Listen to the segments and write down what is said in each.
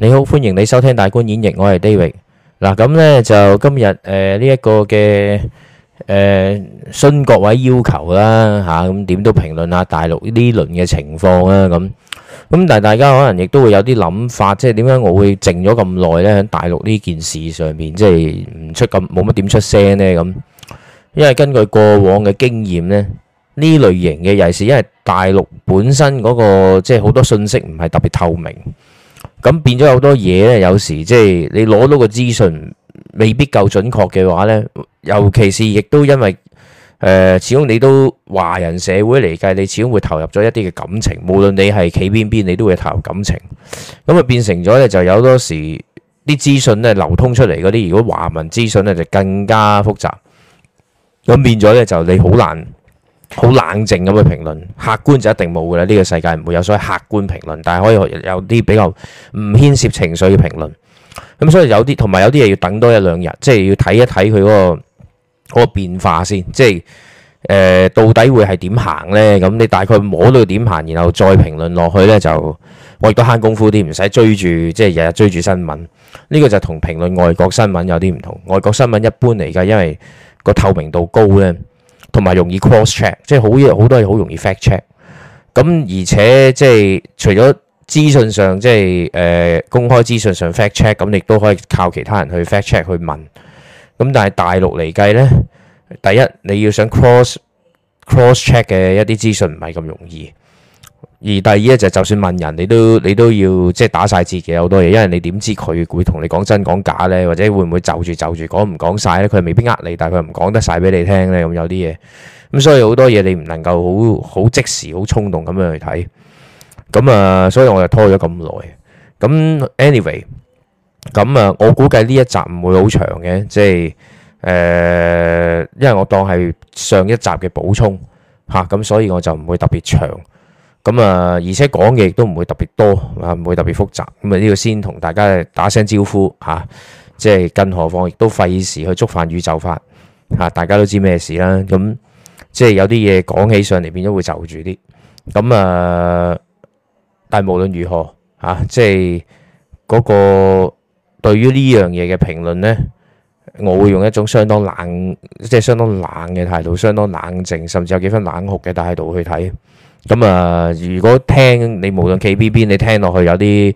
你好，歡迎你收聽大觀演繹，我係 David 嗱，咁咧就今日誒呢一個嘅誒，詢各位要求啦吓，咁點都評論下大陸呢輪嘅情況啦，咁咁但係大家可能亦都會有啲諗法，即係點解我會靜咗咁耐咧？喺大陸呢件事上面，即係唔出咁冇乜點出聲咧咁，因為根據過往嘅經驗咧，呢類型嘅尤其是因為大陸本身嗰個即係好多信息唔係特別透明。咁變咗好多嘢咧。有時即係你攞到個資訊未必夠準確嘅話咧，尤其是亦都因為誒、呃，始終你都華人社會嚟計，你始終會投入咗一啲嘅感情。無論你係企邊邊，你都會投入感情。咁啊，變成咗咧，就有多時啲資訊咧流通出嚟嗰啲，如果華文資訊咧就更加複雜。咁變咗咧，就你好難，好冷靜咁去評論，客觀就一定冇噶啦。呢、這個世界唔會有所謂客觀評論，但係可以有啲比較唔牽涉情緒嘅評論。咁所以有啲同埋有啲嘢要等多一兩日，即係要睇一睇佢嗰個嗰、那個、變化先，即係誒、呃、到底會係點行呢？咁你大概摸到點行，然後再評論落去呢，就我亦都慳功夫啲，唔使追住即係日日追住新聞。呢、這個就同評論外國新聞有啲唔同。外國新聞一般嚟講，因為個透明度高呢。同埋容易 cross check，即係好嘢好多嘢好容易 fact check。咁而且即係除咗資訊上即係誒、呃、公開資訊上 fact check，咁亦都可以靠其他人去 fact check 去問。咁但係大陸嚟計咧，第一你要想 cross cross check 嘅一啲資訊唔係咁容易。而第二咧，就就算問人，你都你都要即係打晒自己好多嘢，因為你點知佢會同你講真講假咧，或者會唔會就住就住講唔講晒咧？佢又未必呃你，但係佢唔講得晒俾你聽咧。咁有啲嘢咁，所以好多嘢你唔能夠好好即時、好衝動咁樣去睇咁啊。所以我就拖咗咁耐咁。Anyway，咁啊，我估計呢一集唔會好長嘅，即係誒、呃，因為我當係上一集嘅補充吓，咁、啊、所以我就唔會特別長。咁啊，而且講嘅亦都唔會特別多，唔會特別複雜。咁啊，呢個先同大家打聲招呼嚇、啊，即係更何況亦都費事去觸犯宇宙法嚇、啊，大家都知咩事啦。咁、啊、即係有啲嘢講起上嚟變咗會就住啲。咁啊，但係無論如何嚇、啊，即係嗰個對於呢樣嘢嘅評論呢，我會用一種相當冷，即係相當冷嘅態度，相當冷靜，甚至有幾分冷酷嘅態度去睇。咁啊！如果聽你無論 KBB 你聽落去有啲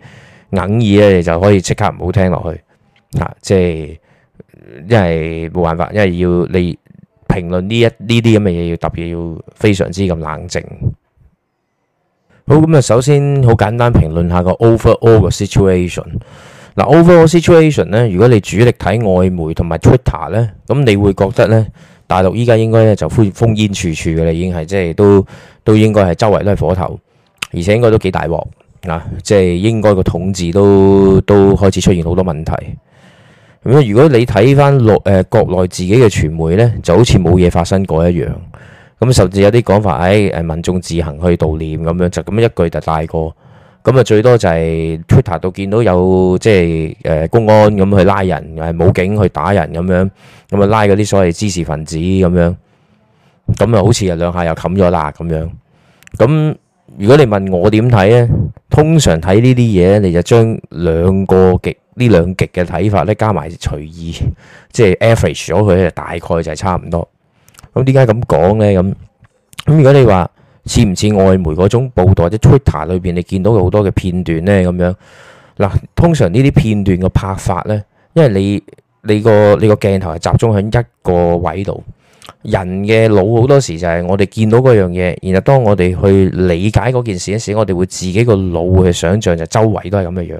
哽耳咧，你就可以即刻唔好聽落去嚇、啊。即係一係冇辦法，一係要你評論呢一呢啲咁嘅嘢，要特別要非常之咁冷靜。好，咁啊，首先好簡單評論下個 overall situation。嗱、嗯、overall situation 咧，如果你主力睇外媒同埋 Twitter 咧，咁你會覺得咧。大陸依家應該咧就灰烽煙處處嘅啦，已經係即係都都應該係周圍都係火頭，而且應該都幾大鑊嗱、啊，即係應該個統治都都開始出現好多問題。咁如果你睇翻內誒國內自己嘅傳媒咧，就好似冇嘢發生過一樣，咁甚至有啲講法，誒誒民眾自行去悼念咁樣，就咁一句就帶過。咁啊，最多就係 Twitter 度見到有即係誒公安咁去拉人，又係武警去打人咁樣，咁啊拉嗰啲所謂知識分子咁樣，咁啊好似啊兩下又冚咗啦咁樣。咁如果你問我點睇咧，通常睇呢啲嘢咧，你就將兩個極呢兩極嘅睇法咧加埋隨意，即係 average 咗佢咧，大概就係差唔多。咁點解咁講咧？咁咁如果你話，似唔似外媒嗰種報道或者 Twitter 裏邊你見到好多嘅片段呢？咁樣嗱？通常呢啲片段嘅拍法呢，因為你你個你個鏡頭係集中喺一個位度，人嘅腦好多時就係我哋見到嗰樣嘢，然後當我哋去理解嗰件事嘅時，我哋會自己個腦去想象就周圍都係咁嘅樣。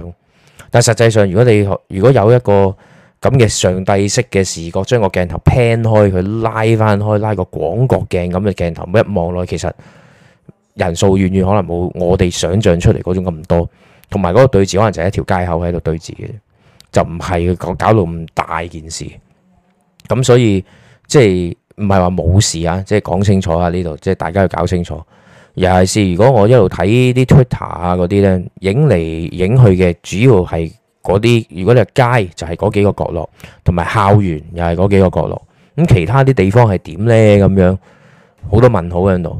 但實際上，如果你如果有一個咁嘅上帝式嘅視角，將個鏡頭 pan 開佢拉翻開，拉開，拉開，拉個廣角鏡咁嘅鏡頭一望落，其實～人數遠遠可能冇我哋想像出嚟嗰種咁多，同埋嗰個對峙可能就係一條街口喺度對峙嘅，就唔係搞到咁大件事。咁所以即係唔係話冇事啊？即係講清楚啊！呢度即係大家要搞清楚。尤其是，如果我一路睇啲 Twitter 啊嗰啲咧，影嚟影去嘅主要係嗰啲，如果你係街就係嗰幾個角落，同埋校園又係嗰幾個角落。咁其他啲地方係點咧？咁樣好多問號喺度。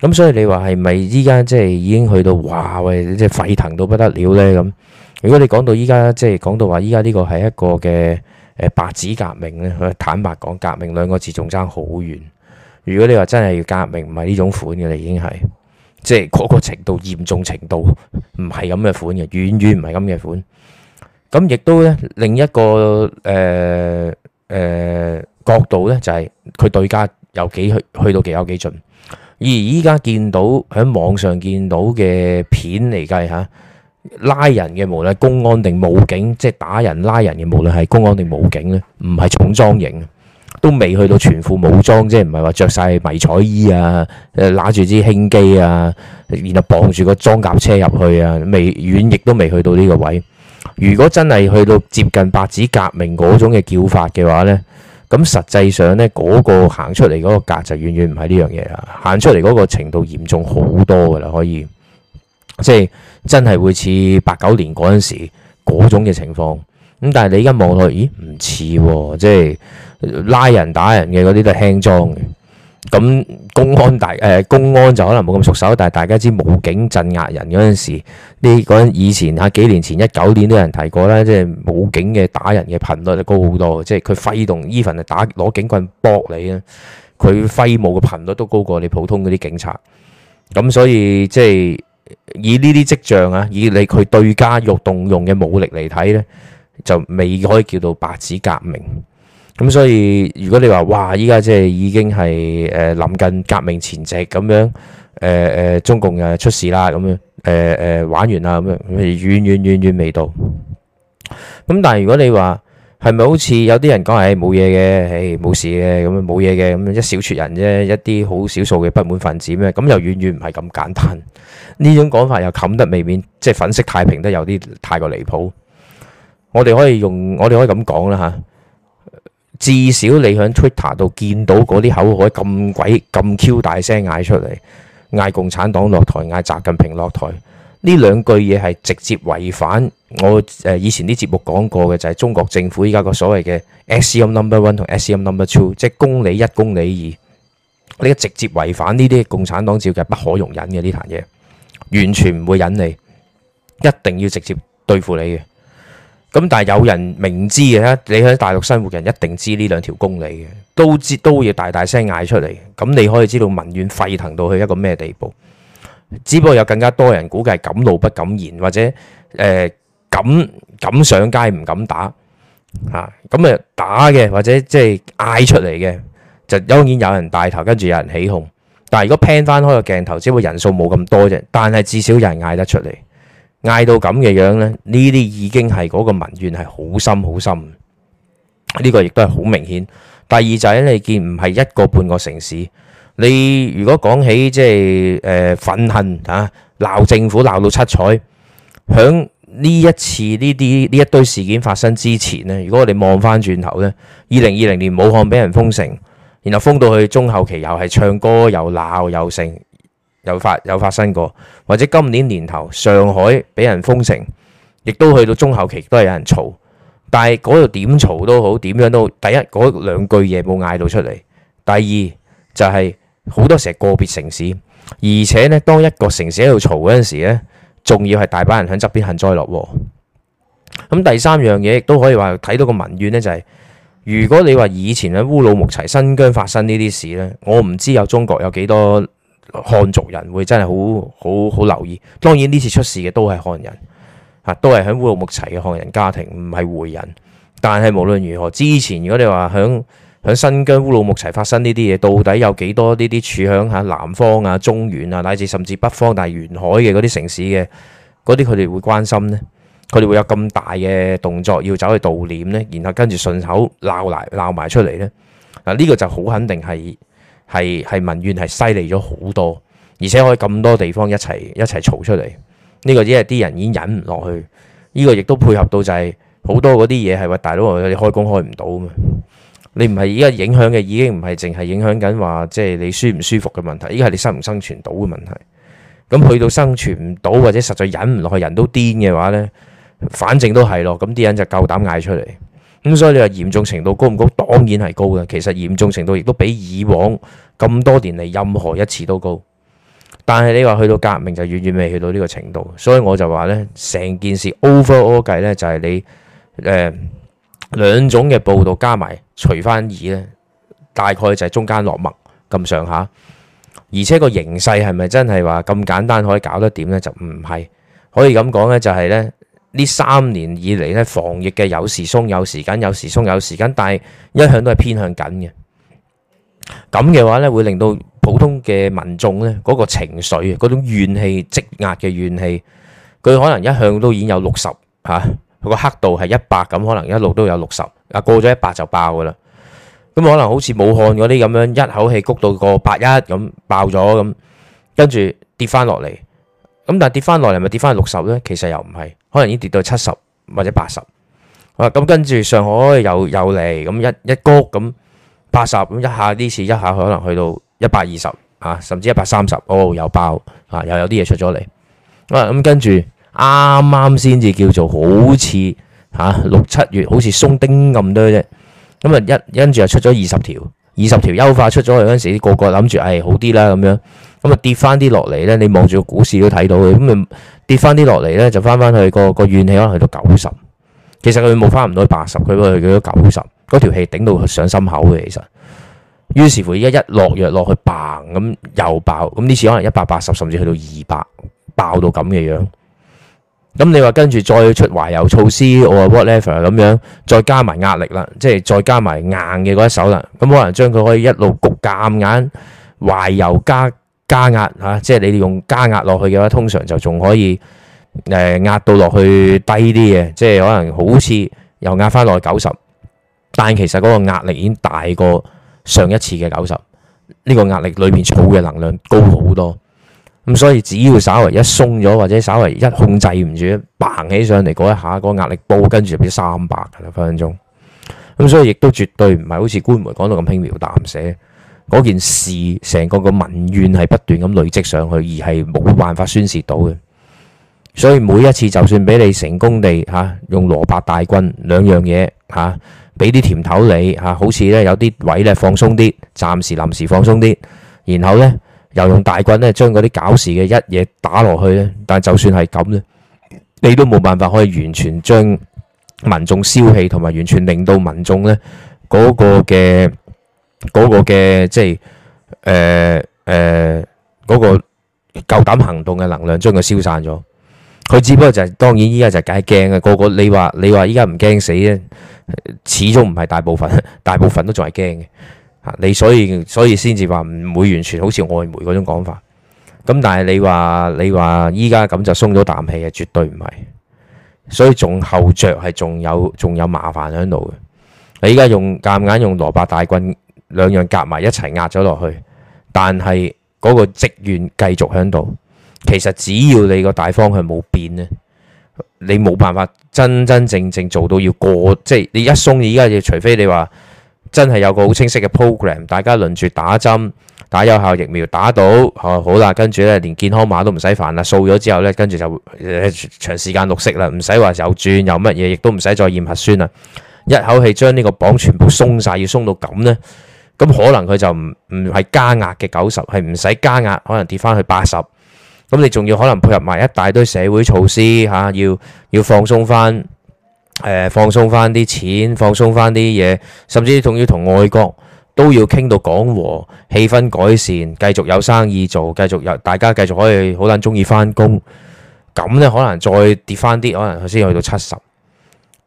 咁所以你話係咪依家即係已經去到哇喂，即係沸騰到不得了咧咁？如果你講到依家即係講到話依家呢個係一個嘅誒白紙革命咧，坦白講，革命兩個字仲差好遠。如果你話真係要革命，唔係呢種款嘅啦，已經係即係嗰個程度嚴重程度唔係咁嘅款嘅，遠遠唔係咁嘅款。咁亦都咧另一個誒誒角度咧，就係佢對家有幾去去到幾有幾盡。而依家見到喺網上見到嘅片嚟計吓，拉人嘅無論公安定武警，即係打人拉人嘅，無論係公安定武警咧，唔係重裝型，都未去到全副武裝，即係唔係話着晒迷彩衣啊，誒拿住支輕機啊，然後綁住個裝甲車入去啊，未遠亦都未去到呢個位。如果真係去到接近白紙革命嗰種嘅叫法嘅話咧，咁實際上咧，嗰個行出嚟嗰個格就遠遠唔係呢樣嘢啦，行出嚟嗰個程度嚴重好多噶啦，可以即係、就是、真係會似八九年嗰陣時嗰種嘅情況。咁但係你而家望落去，咦唔似喎，即係拉人打人嘅嗰啲都輕裝嘅。咁公安大、誒、呃、公安就可能冇咁熟手，但係大家知武警鎮壓人嗰陣時，呢嗰陣以前嚇幾年前一九年都有人提過啦，即係武警嘅打人嘅頻率都高好多，即係佢揮動 even 係打攞警棍搏你啊，佢揮舞嘅頻率都高過你普通嗰啲警察。咁所以即係以呢啲跡象啊，以你佢對家欲動用嘅武力嚟睇咧，就未可以叫做白紙革命。咁所以如果你話哇，依家即係已經係誒臨近革命前夕咁樣，誒、呃、誒中共又出事啦咁樣，誒、呃、誒玩完啦咁樣，遠、呃、遠遠遠未到。咁但係如果你話係咪好似有啲人講係冇嘢嘅，誒、欸、冇事嘅咁樣冇嘢嘅咁樣一小撮人啫，一啲好少數嘅不滿分子咩？咁又遠遠唔係咁簡單。呢種講法又冚得未免即係、就是、粉飾太平得有啲太過離譜。我哋可以用我哋可以咁講啦嚇。至少你喺 Twitter 度見到嗰啲口號咁鬼咁 Q 大聲嗌出嚟，嗌共產黨落台，嗌習近平落台，呢兩句嘢係直接違反我誒以前啲節目講過嘅，就係、是、中國政府依家個所謂嘅 SCM Number One 同 SCM Number Two，即係公理一、公理二，你一直接違反呢啲共產黨照嘅不可容忍嘅呢壇嘢，完全唔會忍你，一定要直接對付你嘅。咁但係有人明知嘅，你喺大陸生活嘅人一定知呢兩條公理嘅，都知都要大大聲嗌出嚟。咁你可以知道民怨沸騰到去一個咩地步。只不過有更加多人估計係敢怒不敢言，或者誒、呃、敢敢上街唔敢打吓。咁啊打嘅或者即係嗌出嚟嘅，就當然有人帶頭，跟住有人起哄。但係如果 pan 翻開個鏡頭，只不過人數冇咁多啫，但係至少有人嗌得出嚟。嗌到咁嘅樣呢，呢啲已經係嗰個民怨係好深好深，呢、呢個亦都係好明顯。第二就係、是、你見唔係一個半個城市，你如果講起即係誒憤恨吓鬧、啊、政府鬧到七彩，響呢一次呢啲呢一堆事件發生之前呢，如果我哋望翻轉頭呢，二零二零年武漢俾人封城，然後封到去中後期又係唱歌又鬧又盛。有發有發生過，或者今年年頭上海俾人封城，亦都去到中後期都係有人嘈。但係嗰度點嘈都好，點樣都好，第一嗰兩句嘢冇嗌到出嚟，第二就係、是、好多成個別城市，而且呢，當一個城市喺度嘈嗰陣時呢，仲要係大把人喺側邊幸災樂禍。咁第三樣嘢亦都可以話睇到個民怨呢、就是，就係如果你話以前喺烏魯木齊、新疆發生呢啲事呢，我唔知有中國有幾多漢族人會真係好好好留意，當然呢次出事嘅都係漢人，吓都係喺烏魯木齊嘅漢人家庭，唔係回人。但係無論如何，之前如果你話響響新疆烏魯木齊發生呢啲嘢，到底有幾多呢啲處響吓南方啊、中原啊，乃至甚至北方但係沿海嘅嗰啲城市嘅嗰啲，佢哋會關心呢？佢哋會有咁大嘅動作要走去悼念呢，然後跟住順口鬧嚟鬧埋出嚟呢。嗱、啊，呢、呢個就好肯定係。係係民怨係犀利咗好多，而且可以咁多地方一齊一齊嘈出嚟。呢、這個只係啲人已經忍唔落去，呢、這個亦都配合到就係、是、好多嗰啲嘢係話大佬，你開工開唔到啊嘛？你唔係依家影響嘅已經唔係淨係影響緊話，即係你舒唔舒服嘅問題，依個係你生唔生存到嘅問題。咁去到生存唔到或者實在忍唔落去，人都癲嘅話呢，反正都係咯，咁啲人就夠膽嗌出嚟。咁所以你話嚴重程度高唔高，當然係高嘅。其實嚴重程度亦都比以往咁多年嚟任何一次都高。但係你話去到革命就遠遠未去到呢個程度，所以我就話呢，成件事 overall 計呢就係、是、你誒兩、呃、種嘅報道加埋除返二呢，大概就係中間落墨咁上下。而且個形勢係咪真係話咁簡單可以搞得掂呢？就唔係可以咁講呢，就係呢。呢三年以嚟呢，防疫嘅有時鬆有時緊，有時鬆有時緊，但係一向都係偏向緊嘅。咁嘅話呢，會令到普通嘅民眾呢，嗰、嗰個情緒、嗰種怨氣積壓嘅怨氣，佢可能一向都已經有六十。佢個黑度係一百咁，可能一路都有六十。啊，過咗一百就爆噶啦。咁可能好似武漢嗰啲咁樣，一口氣谷到個八一咁爆咗咁，跟住跌翻落嚟。咁但係跌翻落嚟咪跌翻六十咧？其實又唔係，可能已經跌到七十或者八十。啊、嗯，咁跟住上海又又嚟，咁一一谷咁八十，咁、嗯、一下呢次一下可能去到一百二十啊，甚至一百三十，哦又爆啊，又有啲嘢出咗嚟、嗯。啊，咁跟住啱啱先至叫做好似嚇六七月好似鬆丁咁多啫。咁啊一跟住又出咗二十條，二十條優化出咗去。嗰陣時，個個諗住誒好啲啦咁樣。咁啊跌翻啲落嚟咧，你望住個股市都睇到嘅，咁你跌翻啲落嚟咧，就翻翻去個個怨氣可能去到九十，其實佢冇翻唔到八十，佢佢都九十，嗰條氣頂到上心口嘅其實。於是乎依家一落藥落去嘭，a 咁又爆，咁呢次可能一百八十甚至去到二百，爆到咁嘅樣，樣。咁你話跟住再出懷柔措施，我話，whatever 我咁樣，再加埋壓力啦，即係再加埋硬嘅嗰一手啦。咁可能將佢可以一路焗夾硬，懷柔加。加壓嚇、啊，即係你用加壓落去嘅話，通常就仲可以誒、呃、壓到落去低啲嘅，即係可能好似又壓翻落去九十，但其實嗰個壓力已經大過上一次嘅九十，呢個壓力裏面儲嘅能量高好多，咁、嗯、所以只要稍為一鬆咗或者稍為一控制唔住，嘭起上嚟嗰一下，嗰、那個壓力煲跟住就變三百嘅啦分分鐘，咁、嗯、所以亦都絕對唔係好似官媒講到咁輕描淡寫。嗰件事成個個民怨係不斷咁累積上去，而係冇辦法宣泄到嘅。所以每一次就算俾你成功地嚇，用蘿蔔大棍兩樣嘢嚇，俾啲甜頭你嚇，好似咧有啲位咧放鬆啲，暫時臨時放鬆啲，然後咧又用大棍咧將嗰啲搞事嘅一嘢打落去咧。但係就算係咁咧，你都冇辦法可以完全將民眾消氣，同埋完全令到民眾咧嗰個嘅。嗰個嘅即係誒誒嗰個夠膽行動嘅能量，將佢消散咗。佢只不過就係、是、當然依家就梗係驚嘅個個。你話你話依家唔驚死咧，始終唔係大部分，大部分都仲係驚嘅吓。你所以所以先至話唔會完全好似外媒嗰種講法。咁但係你話你話依家咁就鬆咗啖氣嘅，絕對唔係。所以仲後着係仲有仲有麻煩喺度嘅。你依家用夾硬用蘿蔔大棍。兩樣夾埋一齊壓咗落去，但係嗰個積怨繼續喺度。其實只要你個大方向冇變咧，你冇辦法真真正正做到要過，即係你一鬆，而家要除非你話真係有個好清晰嘅 program，大家輪住打針打有效疫苗打到、啊、好啦，跟住咧連健康碼都唔使煩啦，掃咗之後呢，跟住就、呃、長時間綠色啦，唔使話又轉又乜嘢，亦都唔使再驗核酸啦，一口氣將呢個綁全部鬆晒，要鬆到咁呢。咁可能佢就唔唔係加壓嘅九十，係唔使加壓，可能跌翻去八十。咁你仲要可能配合埋一大堆社會措施吓，要要放鬆翻，誒放鬆翻啲錢，放鬆翻啲嘢，甚至仲要同外國都要傾到講和，氣氛改善，繼續有生意做，繼續有大家繼續可以好撚鍾意翻工。咁咧可能再跌翻啲，可能佢先去到七十。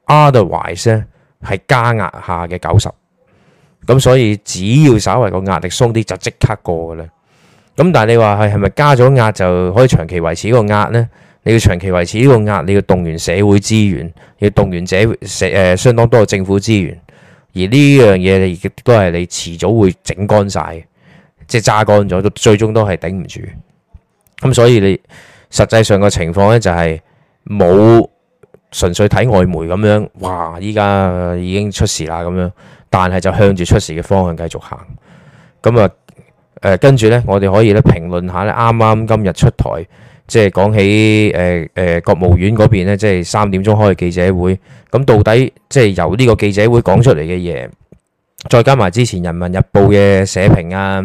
Otherwise 咧係加壓下嘅九十。咁所以只要稍微個壓力鬆啲，就即刻過嘅啦。咁但係你話係係咪加咗壓就可以長期維持個壓呢？你要長期維持呢個壓，你要動員社會資源，要動員者社、呃、相當多嘅政府資源。而呢樣嘢你亦都係你遲早會整乾晒，即係榨乾咗，最終都係頂唔住。咁所以你實際上嘅情況咧，就係冇純粹睇外媒咁樣，哇！依家已經出事啦咁樣。但係就向住出事嘅方向繼續行，咁啊，誒跟住咧，我哋可以咧評論下咧，啱啱今日出台，即係講起誒誒國務院嗰邊咧，即係三點鐘開嘅記者會，咁到底即係由呢個記者會講出嚟嘅嘢，再加埋之前人民日報嘅社評啊，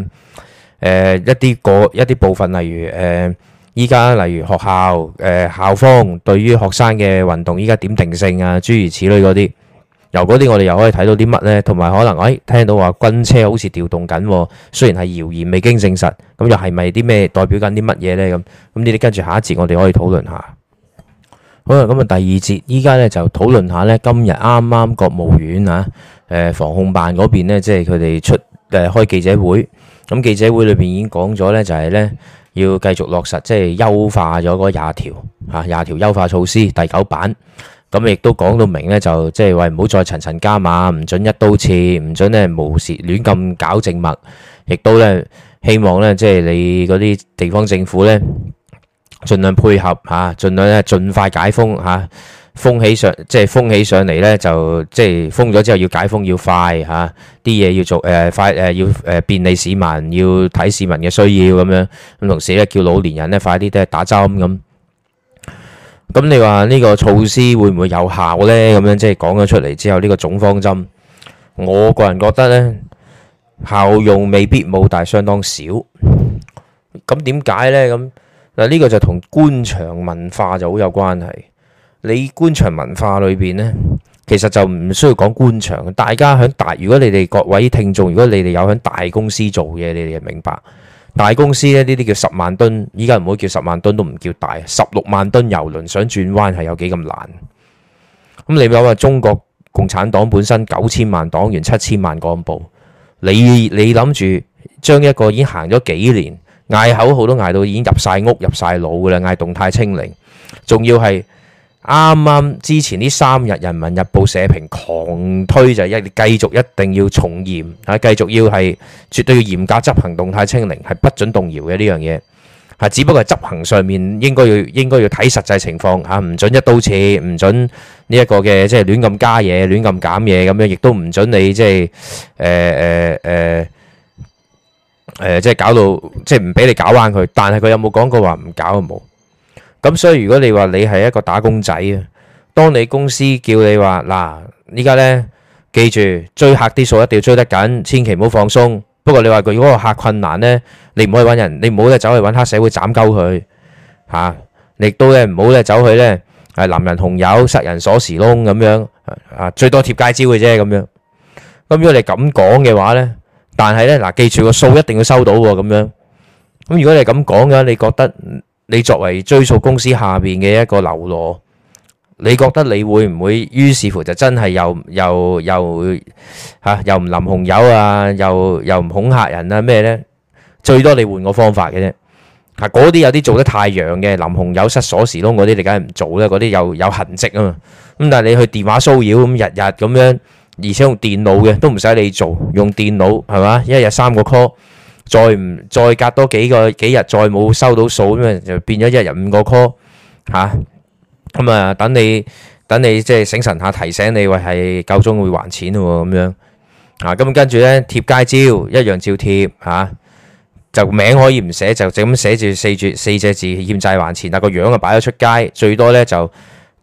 誒一啲個一啲部分，例如誒依家例如學校誒校方對於學生嘅運動依家點定性啊，諸如此類嗰啲。由嗰啲我哋又可以睇到啲乜呢？同埋可能哎聽到話軍車好似調動緊，雖然係謠言未經證實，咁又係咪啲咩代表緊啲乜嘢呢？咁咁呢啲跟住下一節我哋可以討論下。好啦，咁啊第二節依家呢就討論下呢，下今日啱啱國務院啊誒防控辦嗰邊呢，即係佢哋出誒、啊、開記者會。咁記者會裏邊已經講咗呢，就係、是、呢，要繼續落實即係優化咗嗰廿條吓廿條優化措施第九版。咁亦都講到明咧，就即係話唔好再層層加碼，唔 準一刀切，唔 準咧，無時亂咁搞靜默。亦都咧希望咧，即、就、係、是、你嗰啲地方政府咧，盡量配合吓，盡量咧盡快解封吓、啊。封起上即係封起上嚟咧，就即係封咗之後要解封要快吓，啲、啊、嘢要做誒快誒要誒便利市民，要睇市民嘅需要咁樣。咁同時咧，叫老年人咧快啲都係打針咁。咁你話呢個措施會唔會有效呢？咁樣即係講咗出嚟之後，呢個總方針，我個人覺得呢效用未必冇，但係相當少。咁點解呢？咁嗱，呢個就同官場文化就好有關係。你官場文化裏邊呢，其實就唔需要講官場，大家響大。如果你哋各位聽眾，如果你哋有響大公司做嘢，你哋就明白。大公司咧，呢啲叫十萬噸，依家唔好叫十萬噸都唔叫大，十六萬噸油輪想轉彎係有幾咁難？咁、嗯、你諗下中國共產黨本身九千萬黨員、七千萬幹部，你你諗住將一個已經行咗幾年，嗌口號都嗌到已經入晒屋入晒腦噶啦，嗌動態清零，仲要係。啱啱之前呢三日，《人民日報》社評狂推就係一，繼續一定要重嚴，嚇繼續要係絕對要嚴格執行動態清零，係不准動搖嘅呢樣嘢嚇。只不過係執行上面應該要應該要睇實際情況嚇，唔准一刀切，唔准呢一個嘅即係亂咁加嘢、亂咁減嘢咁樣，亦都唔准你即係誒誒誒誒，即係、呃呃、搞到即係唔俾你搞返佢。但係佢有冇講過話唔搞啊？冇。咁所以如果你話你係一個打工仔啊，當你公司叫你話嗱，依家咧記住追客啲數一定要追得緊，千祈唔好放鬆。不過你話佢如果個客困難咧，你唔可以搵人，你唔好咧走去搵黑社會斬鳩佢吓，你亦都咧唔好咧走去咧，係男人紅友塞人鎖匙窿咁樣啊，最多貼街招嘅啫，咁樣。咁如果你咁講嘅話咧，但係咧嗱，記住個數一定要收到喎咁樣。咁如果你係咁講嘅話，你覺得？你作為追訴公司下邊嘅一個流羅，你覺得你會唔會於是乎就真係又又又吓又唔淋紅油啊，又又唔恐嚇人啦咩呢？最多你換個方法嘅啫，吓嗰啲有啲做得太陽嘅淋紅油失鎖匙窿嗰啲，你梗係唔做啦，嗰啲又有痕跡啊嘛。咁但係你去電話騷擾咁日日咁樣，而且用電腦嘅都唔使你做，用電腦係嘛，一日三個 call。再唔再隔多幾個幾日再冇收到數咁啊、嗯、啊、啊，就變咗一日五個 call 吓，咁啊等你等你即係醒神下提醒你話係夠鐘會還錢喎咁樣啊，咁跟住咧貼街招一樣照貼吓，就名可以唔寫就就咁寫住四、四字四隻字欠債還錢，但係個樣啊擺咗出街，最多咧就。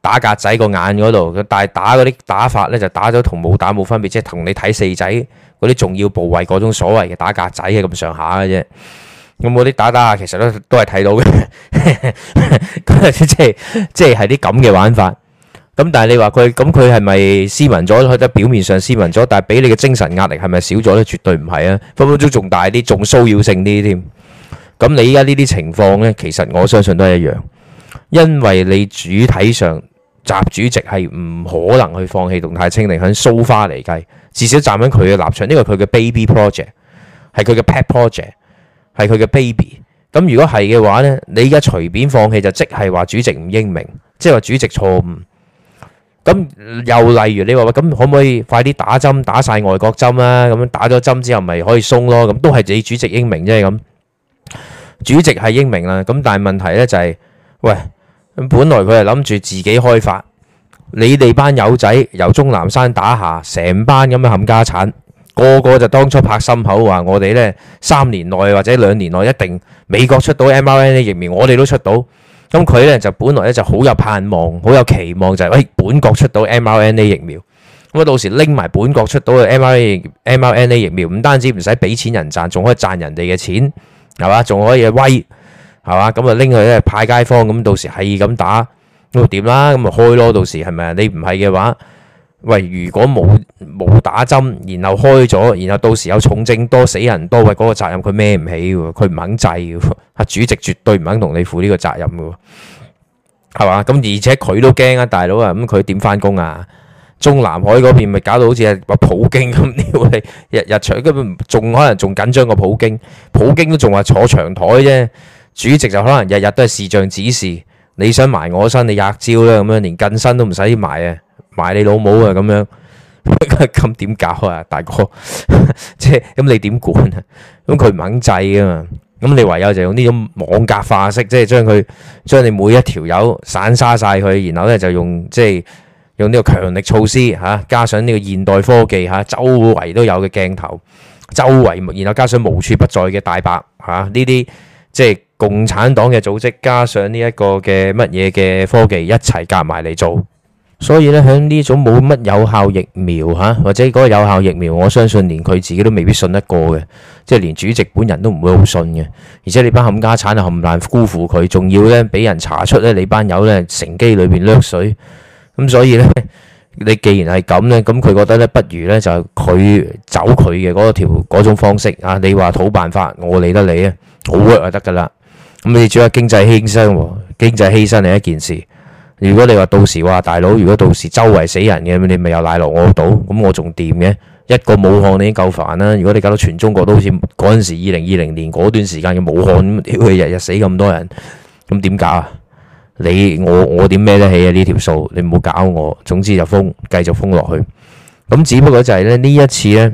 打格仔個眼嗰度，但係打嗰啲打法咧就打咗同冇打冇分別，即係同你睇四仔嗰啲重要部位嗰種所謂嘅打格仔係咁上下嘅啫。咁嗰啲打打，其實都都係睇到嘅，即係即係係啲咁嘅玩法。咁但係你話佢，咁佢係咪斯文咗？佢都表面上斯文咗，但係俾你嘅精神壓力係咪少咗咧？絕對唔係啊，分分鐘仲大啲，仲騷擾性啲添。咁你依家呢啲情況咧，其實我相信都係一樣，因為你主體上。習主席係唔可能去放棄動態清零，喺蘇花嚟計，至少站喺佢嘅立場，因為佢嘅 baby project 係佢嘅 pet project 係佢嘅 baby。咁如果係嘅話呢，你而家隨便放棄就即係話主席唔英明，即係話主席錯誤。咁又例如你話喂，咁可唔可以快啲打針打晒外國針啦、啊？咁樣打咗針之後咪可以鬆咯？咁都係自己主席英明啫咁。主席係英明啦，咁但係問題呢就係、是、喂。本來佢係諗住自己開發，你哋班友仔由鍾南山打下，成班咁樣冚家產，個個就當初拍心口話我哋呢，三年內或者兩年內一定美國出到 mRNA 疫苗，我哋都出到。咁佢呢，就本來呢就好有盼望，好有期望就係、是、喂、哎、本國出到 mRNA 疫苗，咁啊到時拎埋本國出到嘅 mRNA mRNA 疫苗，唔單止唔使俾錢人賺，仲可以賺人哋嘅錢，係嘛，仲可以威。係嘛咁啊？拎佢咧派街坊咁，到時係咁打都點啦，咁咪開咯。到時係咪啊？你唔係嘅話喂，如果冇冇打針，然後開咗，然後到時有重症多死人多喂，嗰個責任佢孭唔起嘅，佢唔肯制啊。主席絕對唔肯同你負呢個責任嘅，係嘛咁？而且佢都驚啊，大佬啊，咁佢點翻工啊？中南海嗰邊咪搞到好似係話普京咁，日日長根本仲可能仲緊張過普京，普京都仲話坐長台啫。主席就可能日日都係視像指示，你想埋我身，你吔蕉啦咁樣，連近身都唔使埋啊，埋你老母啊咁樣，咁 點搞啊大哥？ 即係咁你點管啊？咁佢唔肯制㗎嘛，咁你唯有就用呢種網格化式，即係將佢將你每一條友散沙晒佢，然後咧就用即係用呢個強力措施嚇，加上呢個現代科技嚇、啊，周圍都有嘅鏡頭，周圍然後加上無處不在嘅大白嚇，呢、啊、啲即係。共產黨嘅組織加上呢一個嘅乜嘢嘅科技一齊夾埋嚟做，所以咧響呢種冇乜有效疫苗吓，或者嗰個有效疫苗，我相信連佢自己都未必信得過嘅，即係連主席本人都唔會好信嘅。而且你班冚家鏟啊，咁難辜負佢，仲要咧俾人查出咧，你班友咧乘機裏邊掠水，咁所以咧，你既然係咁咧，咁佢覺得咧，不如咧就佢走佢嘅嗰條嗰種方式啊！你話好辦法，我理得你啊，好 work 就得噶啦～咁你主要經濟犧牲，經濟犧牲係一件事。如果你話到時話大佬，如果到時周圍死人嘅，你咪又賴落我度，咁我仲掂嘅。一個武漢你已經夠煩啦，如果你搞到全中國都好似嗰陣時二零二零年嗰段時間嘅武漢咁，佢日日死咁多人，咁點搞啊？你我我點孭得起啊？呢條數你唔好搞我。總之就封，繼續封落去。咁只不過就係咧呢一次呢。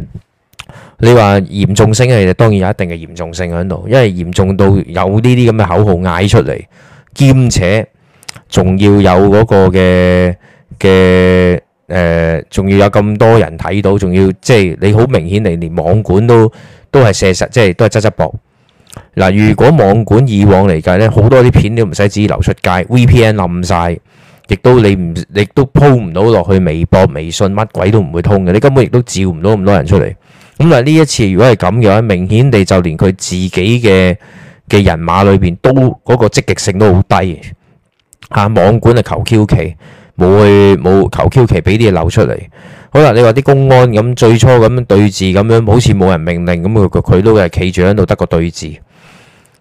你話嚴重性其實，當然有一定嘅嚴重性喺度，因為嚴重到有呢啲咁嘅口號嗌出嚟，兼且仲要有嗰個嘅嘅誒，仲、呃、要有咁多人睇到，仲要即係你好明顯嚟，連網管都都係射實，即係都係執執薄嗱。如果網管以往嚟計咧，好多啲片都唔使自己流出街，V P N 冧晒，亦都你唔亦都鋪唔到落去微博、微信，乜鬼都唔會通嘅，你根本亦都召唔到咁多人出嚟。咁啊！呢、嗯、一次如果係咁樣話，明顯地就連佢自己嘅嘅人馬裏邊都嗰、那個積極性都好低啊！網管啊求其，冇去冇求其俾啲嘢漏出嚟。好啦，你話啲公安咁最初咁對峙咁樣，好似冇人命令咁，佢佢佢都係企住喺度得個對峙，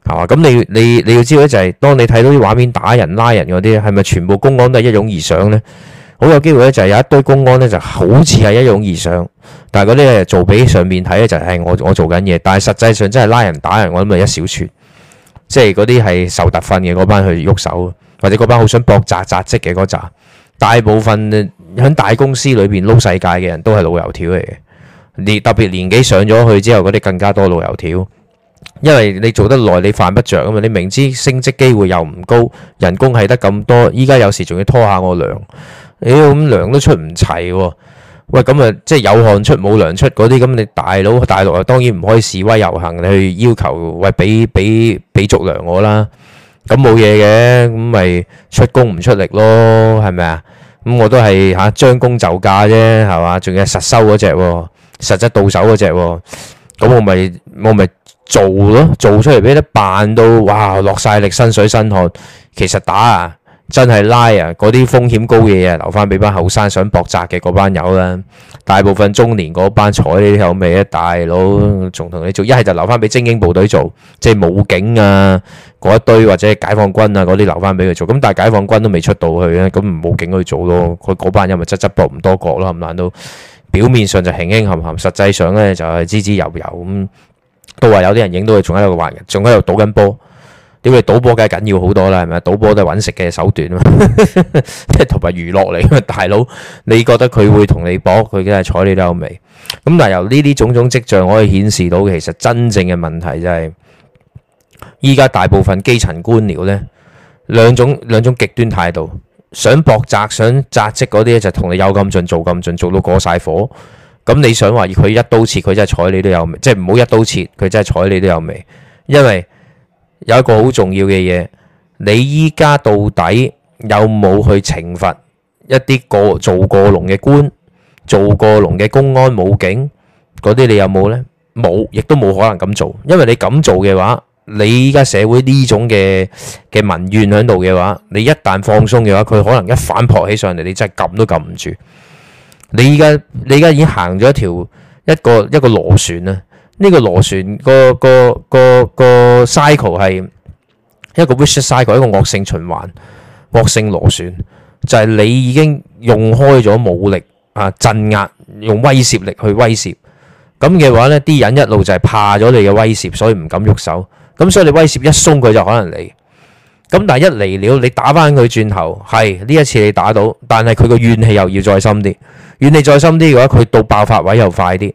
係、啊、嘛？咁你你你要知道就係、是，當你睇到啲畫面打人拉人嗰啲，係咪全部公安都一擁而上咧？好有機會咧，就係有一堆公安咧，就好似係一擁而上。但係嗰啲係做俾上面睇咧，就係我我做緊嘢。但係實際上真係拉人打人，我諗咪一小撮，即係嗰啲係受特訓嘅嗰班去喐手，或者嗰班好想搏扎扎職嘅嗰扎。大部分喺大公司裏邊撈世界嘅人都係老油條嚟嘅。你特別年紀上咗去之後，嗰啲更加多老油條，因為你做得耐，你犯不着啊嘛。你明知升職機會又唔高，人工係得咁多，依家有時仲要拖下我糧。妖，咁糧都出唔齊喎，喂咁啊，即係有汗出冇糧出嗰啲，咁你大佬大陸啊，當然唔可以示威遊行你去要求，喂俾俾俾足糧我啦，咁冇嘢嘅。咁咪出工唔出力咯，係咪啊？咁我都係嚇將工就價啫，係嘛？仲要實收嗰隻喎，實質到手嗰隻喎，咁我咪我咪做咯，做出嚟俾得辦到，哇落曬力，身水身汗，其實打啊！真係拉啊！嗰啲風險高嘅嘢留翻俾班後生想搏砸嘅嗰班友啦。大部分中年嗰班採呢啲口味咧，大佬仲同你做一係就留翻俾精英部隊做，即係武警啊嗰一堆或者解放軍啊嗰啲留翻俾佢做。咁但係解放軍都未出到去咧，咁唔武警去做咯。佢嗰班人咪質質搏唔多角咯，咁難到表面上就輕輕含含，實際上咧就係滋滋油油咁。都話有啲人影到佢仲喺度玩嘅，仲喺度賭緊波。點解賭波梗係緊要好多啦？係咪啊？賭波都係揾食嘅手段啊嘛，即係同埋娛樂嚟。大佬，你覺得佢會同你搏？佢梗係睬你都有味。咁但係由呢啲種種跡象可以顯示到，其實真正嘅問題就係、是，依家大部分基層官僚呢，兩種兩種極端態度，想搏責想扎職嗰啲就同你有咁盡做咁盡，做到過晒火。咁你想話佢一刀切，佢真係睬你都有味，即係唔好一刀切，佢真係睬你都有味，因為。有一個好重要嘅嘢，你依家到底有冇去懲罰一啲過做過龍嘅官、做過龍嘅公安武警嗰啲？你有冇呢？冇，亦都冇可能咁做，因為你咁做嘅話，你依家社會呢種嘅嘅民怨喺度嘅話，你一旦放鬆嘅話，佢可能一反扑起上嚟，你真係撳都撳唔住。你依家你依家已經行咗一條一個一個螺旋啦。呢個螺旋個個個個，cycle 係一個 vicious cycle，一個惡性循環、惡性螺旋，就係、是、你已經用開咗武力啊，鎮壓，用威脅力去威脅。咁嘅話呢，啲人一路就係怕咗你嘅威脅，所以唔敢喐手。咁所以你威脅一鬆佢就可能嚟。咁但係一嚟了，你打翻佢轉頭，係呢一次你打到，但係佢個怨氣又要再深啲，怨氣再深啲嘅話，佢到爆發位又快啲。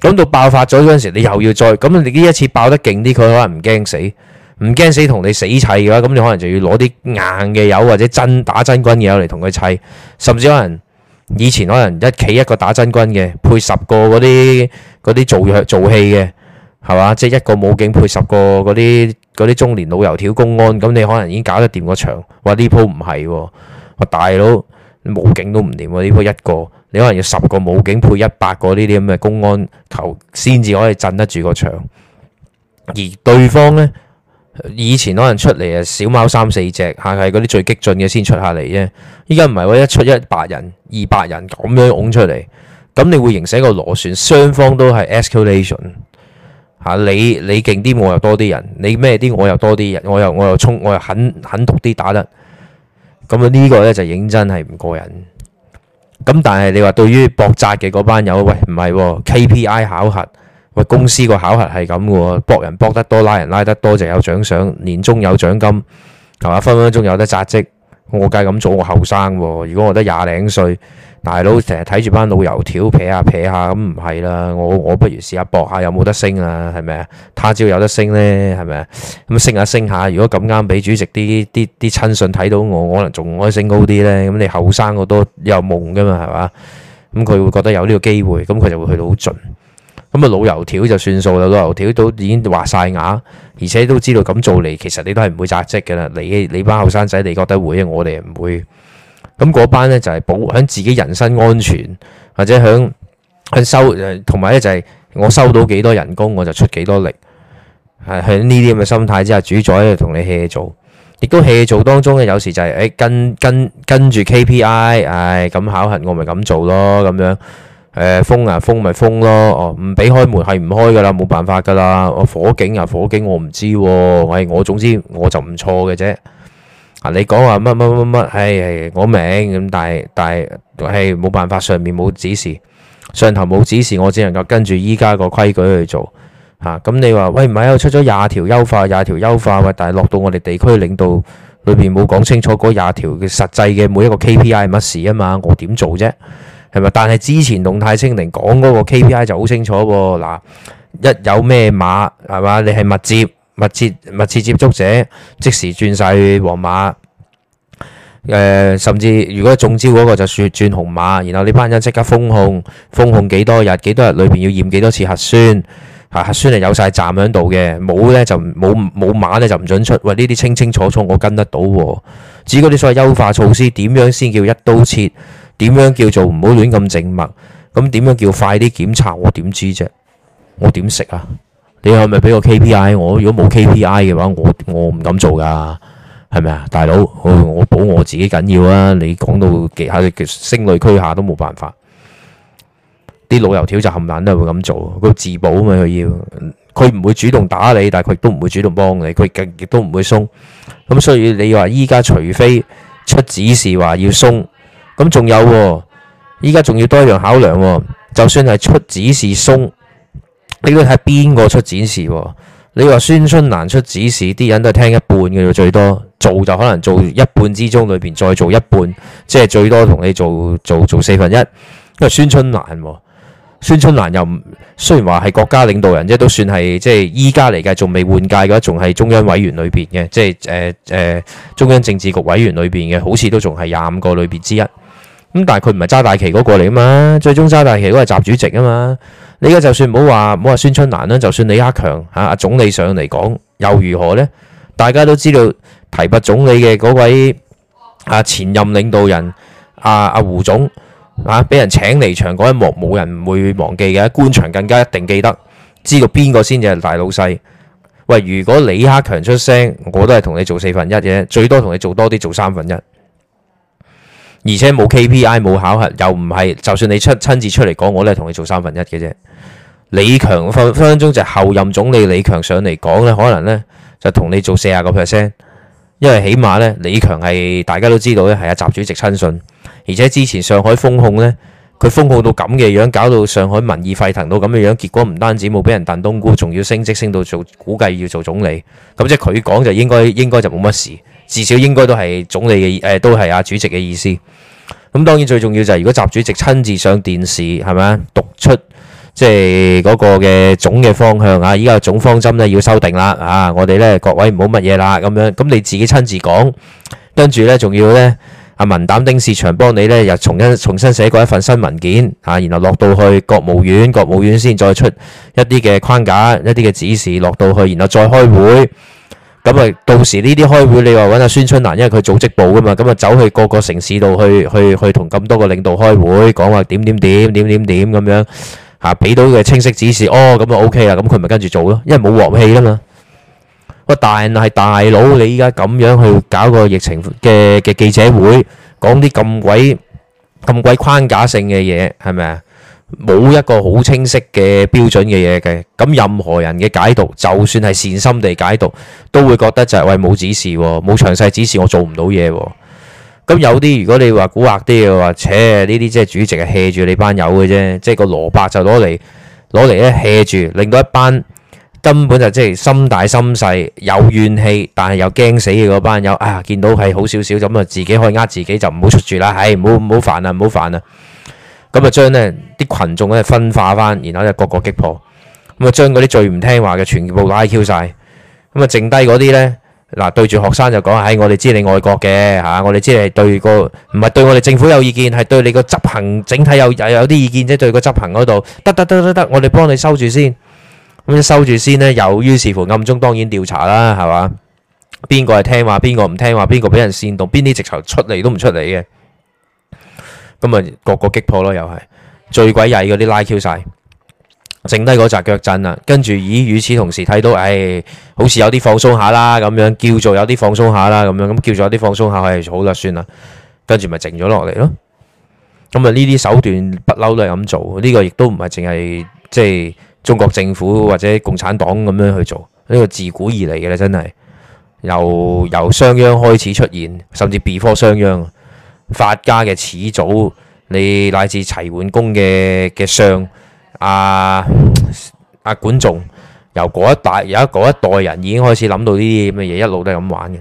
咁到爆發咗嗰陣時，你又要再咁你呢一次爆得勁啲，佢可能唔驚死，唔驚死同你死砌嘅話，咁你可能就要攞啲硬嘅油或者真打真軍嘅油嚟同佢砌，甚至可能以前可能一企一個打真軍嘅配十個嗰啲嗰啲做藥做戲嘅係嘛？即係一個武警配十個嗰啲嗰啲中年老油條公安，咁你可能已經搞得掂個場。哇、哦！呢鋪唔係喎，大佬，武警都唔掂喎，呢鋪一個。可能要十個武警配一百個呢啲咁嘅公安球先至可以鎮得住個場。而對方呢，以前可能出嚟啊，小貓三四隻，吓係嗰啲最激進嘅先出下嚟啫。依家唔係喎，一出一百人、二百人咁樣㧬出嚟，咁你會形成一個螺旋，雙方都係 escalation，啊。吓你你勁啲，我又多啲人；你咩啲，我又多啲人。我又我又衝，我又狠狠毒啲打得。咁啊呢個呢，就認真係唔過癮。咁但係你話對於搏扎嘅嗰班友，喂唔係、喎、KPI 考核，喂公司個考核係咁嘅喎，搏人搏得多，拉人拉得多就有獎賞，年終有獎金，係嘛，分分鐘有得扎職。我梗係咁做，我後生喎。如果我得廿零歲，大佬成日睇住班老油條，劈下劈下，咁唔係啦。我我不如試下搏下，有冇得升啊？係咪啊？他朝有得升咧，係咪啊？咁升下升下，如果咁啱俾主席啲啲啲親信睇到我，可能仲可以升高啲咧。咁你後生我都有夢噶嘛，係嘛？咁佢會覺得有呢個機會，咁佢就會去到好盡。咁啊，老油條就算數啦，老油條都已經話晒牙，而且都知道咁做嚟，其實你都係唔會紮職嘅啦。你你班後生仔，你覺得會啊？我哋唔會。咁嗰班呢就係、是、保障自己人身安全，或者響收，同埋呢就係我收到幾多人工，我就出幾多力。係響呢啲咁嘅心態之下主宰同你 hea 做，亦都 hea 做當中咧，有時就係、是、誒、欸、跟跟跟住 KPI，唉咁考核，我咪咁做咯，咁樣。誒封啊，封咪封咯，哦唔俾開門係唔開噶啦，冇辦法噶啦、哦。火警啊，火警我唔知喎、啊，我總之我就唔錯嘅啫。啊你講話乜乜乜乜，唉我明咁，但係但係係冇辦法，上面冇指示，上頭冇指示，我只能夠跟住依家個規矩去做嚇。咁、啊嗯、你話喂唔係又出咗廿條優化，廿條優化，喂但係落到我哋地區領導裏邊冇講清楚嗰廿條嘅實際嘅每一個 KPI 係乜事啊嘛，我點做啫？係咪？但係之前動態清零講嗰個 KPI 就好清楚喎、哦。嗱，一有咩碼係嘛？你係密切密切密切接觸者，即時轉晒黃碼。誒、呃，甚至如果中招嗰個就轉轉紅碼，然後呢班人即刻封控，封控幾多日？幾多日裏邊要驗幾多次核酸？啊，核酸係有晒站喺度嘅，冇咧就冇冇碼咧就唔准出。喂、哎，呢啲清清楚楚楚，我跟得到、哦。至於嗰啲所謂優化措施，點樣先叫一刀切？點樣叫做唔好亂咁靜默？咁點樣叫快啲檢查？我點知啫？我點食啊？你係咪俾個 K P I？我如果冇 K P I 嘅話，我我唔敢做噶，係咪啊？大佬，我保我自己緊要啊！你講到極下嘅聲淚俱下都冇辦法，啲老油條就冚唪唥都係會咁做，佢自保啊嘛，佢要佢唔會主動打你，但係佢亦都唔會主動幫你，佢亦亦都唔會鬆。咁所以你話依家除非出指示話要鬆。咁仲有喎，依家仲要多一樣考量喎。就算係出指示鬆，你都睇邊個出指示喎？你話孫春蘭出指示，啲人都係聽一半嘅最多，做就可能做一半之中裏邊再做一半，即係最多同你做做做四分一。因為孫春蘭，孫春蘭又唔，雖然話係國家領導人，即都算係即係依家嚟嘅，仲未換屆嘅話，仲係中央委員裏邊嘅，即係誒誒中央政治局委員裏邊嘅，好似都仲係廿五個裏邊之一。咁但係佢唔係揸大旗嗰個嚟啊嘛，最終揸大旗嗰係習主席啊嘛。你而家就算唔好話唔好話孫春蘭啦，就算李克強吓總理上嚟講又如何呢？大家都知道提拔總理嘅嗰位啊前任領導人阿阿、啊、胡總吓俾、啊、人請離場嗰一幕，冇人會忘記嘅，官場更加一定記得，知道邊個先至係大老細。喂，如果李克強出聲，我都係同你做四分一嘅，最多同你做多啲做三分一。而且冇 KPI 冇考核，又唔係，就算你出親自出嚟講，我都係同你做三分一嘅啫。李強分分分鐘就候任總理李強上嚟講咧，可能咧就同你做四啊個 percent，因為起碼咧李強係大家都知道咧，係阿習主席親信，而且之前上海封控咧，佢封控到咁嘅樣，搞到上海民意沸騰到咁嘅樣，結果唔單止冇俾人燉冬菇，仲要升職升到做，估計要做總理，咁即係佢講就應該應該就冇乜事。至少應該都係總理嘅誒、呃，都係阿主席嘅意思。咁當然最重要就係如果習主席親自上電視係咪啊，讀出即係嗰、嗰個嘅總嘅方向啊！依家總方針咧要修訂啦啊！我哋咧各位唔好乜嘢啦咁樣，咁你自己親自講，跟住咧仲要咧阿文膽丁市長幫你咧又重一重新寫過一份新文件啊，然後落到去國務院，國務院先再出一啲嘅框架、一啲嘅指示落到去，然後再開會。咁啊，到時呢啲開會，你話揾阿孫春蘭，因為佢組織部噶嘛，咁啊走去各個城市度去去去同咁多個領導開會，講話點點點點點點咁樣嚇，俾到佢清晰指示，哦，咁就 O K 啦，咁佢咪跟住做咯，因為冇鑊氣吖嘛。喂，但係大佬，你依家咁樣去搞個疫情嘅嘅記者會，講啲咁鬼咁鬼框架性嘅嘢，係咪啊？冇一個好清晰嘅標準嘅嘢嘅，咁任何人嘅解讀，就算係善心地解讀，都會覺得就係、是、喂冇指示，冇詳細指示，我做唔到嘢。咁有啲如果你話蠱惑啲嘅話，切呢啲即係主席係挾住你班友嘅啫，即係個蘿蔔就攞嚟攞嚟一挾住，令到一班根本就即係心大心細、有怨氣但係又驚死嘅嗰班友，啊見到係好少少，咁啊自己可以呃自己就唔好出住啦，唉，唔好唔好煩啊，唔好煩啊。咁啊，將呢啲群眾咧分化翻，然後就個個擊破，咁啊將嗰啲最唔聽話嘅全部拉 Q 晒，咁啊剩低嗰啲呢，嗱對住學生就講：「唉，我哋知你愛國嘅吓，我哋知你對個唔係對我哋政府有意見，係對你個執行整體有又有啲意見，啫。係對個執行嗰度，得得得得得，我哋幫你收住先，咁收住先呢，由於是乎暗中當然調查啦，係嘛？邊個係聽話，邊個唔聽話，邊個俾人煽動，邊啲直頭出嚟都唔出嚟嘅。咁啊，個個擊破咯，又係最鬼曳嗰啲拉 Q 晒，剩低嗰紮腳震啦。跟住，咦？與此同時睇到，唉、哎，好似有啲放鬆下啦，咁樣叫做有啲放鬆下啦，咁樣咁叫做有啲放鬆下係好啦，算啦。跟住咪靜咗落嚟咯。咁啊，呢啲手段不嬲都係咁做，呢、呢個亦都唔係淨係即係中國政府或者共產黨咁樣去做，呢、呢個自古而嚟嘅啦，真係由由商鞅開始出現，甚至 before 商鞅。法家嘅始祖，你乃至齊桓公嘅嘅相，阿阿管仲，由嗰一代，由嗰一代人已經開始諗到呢啲咁嘅嘢，一路都係咁玩嘅。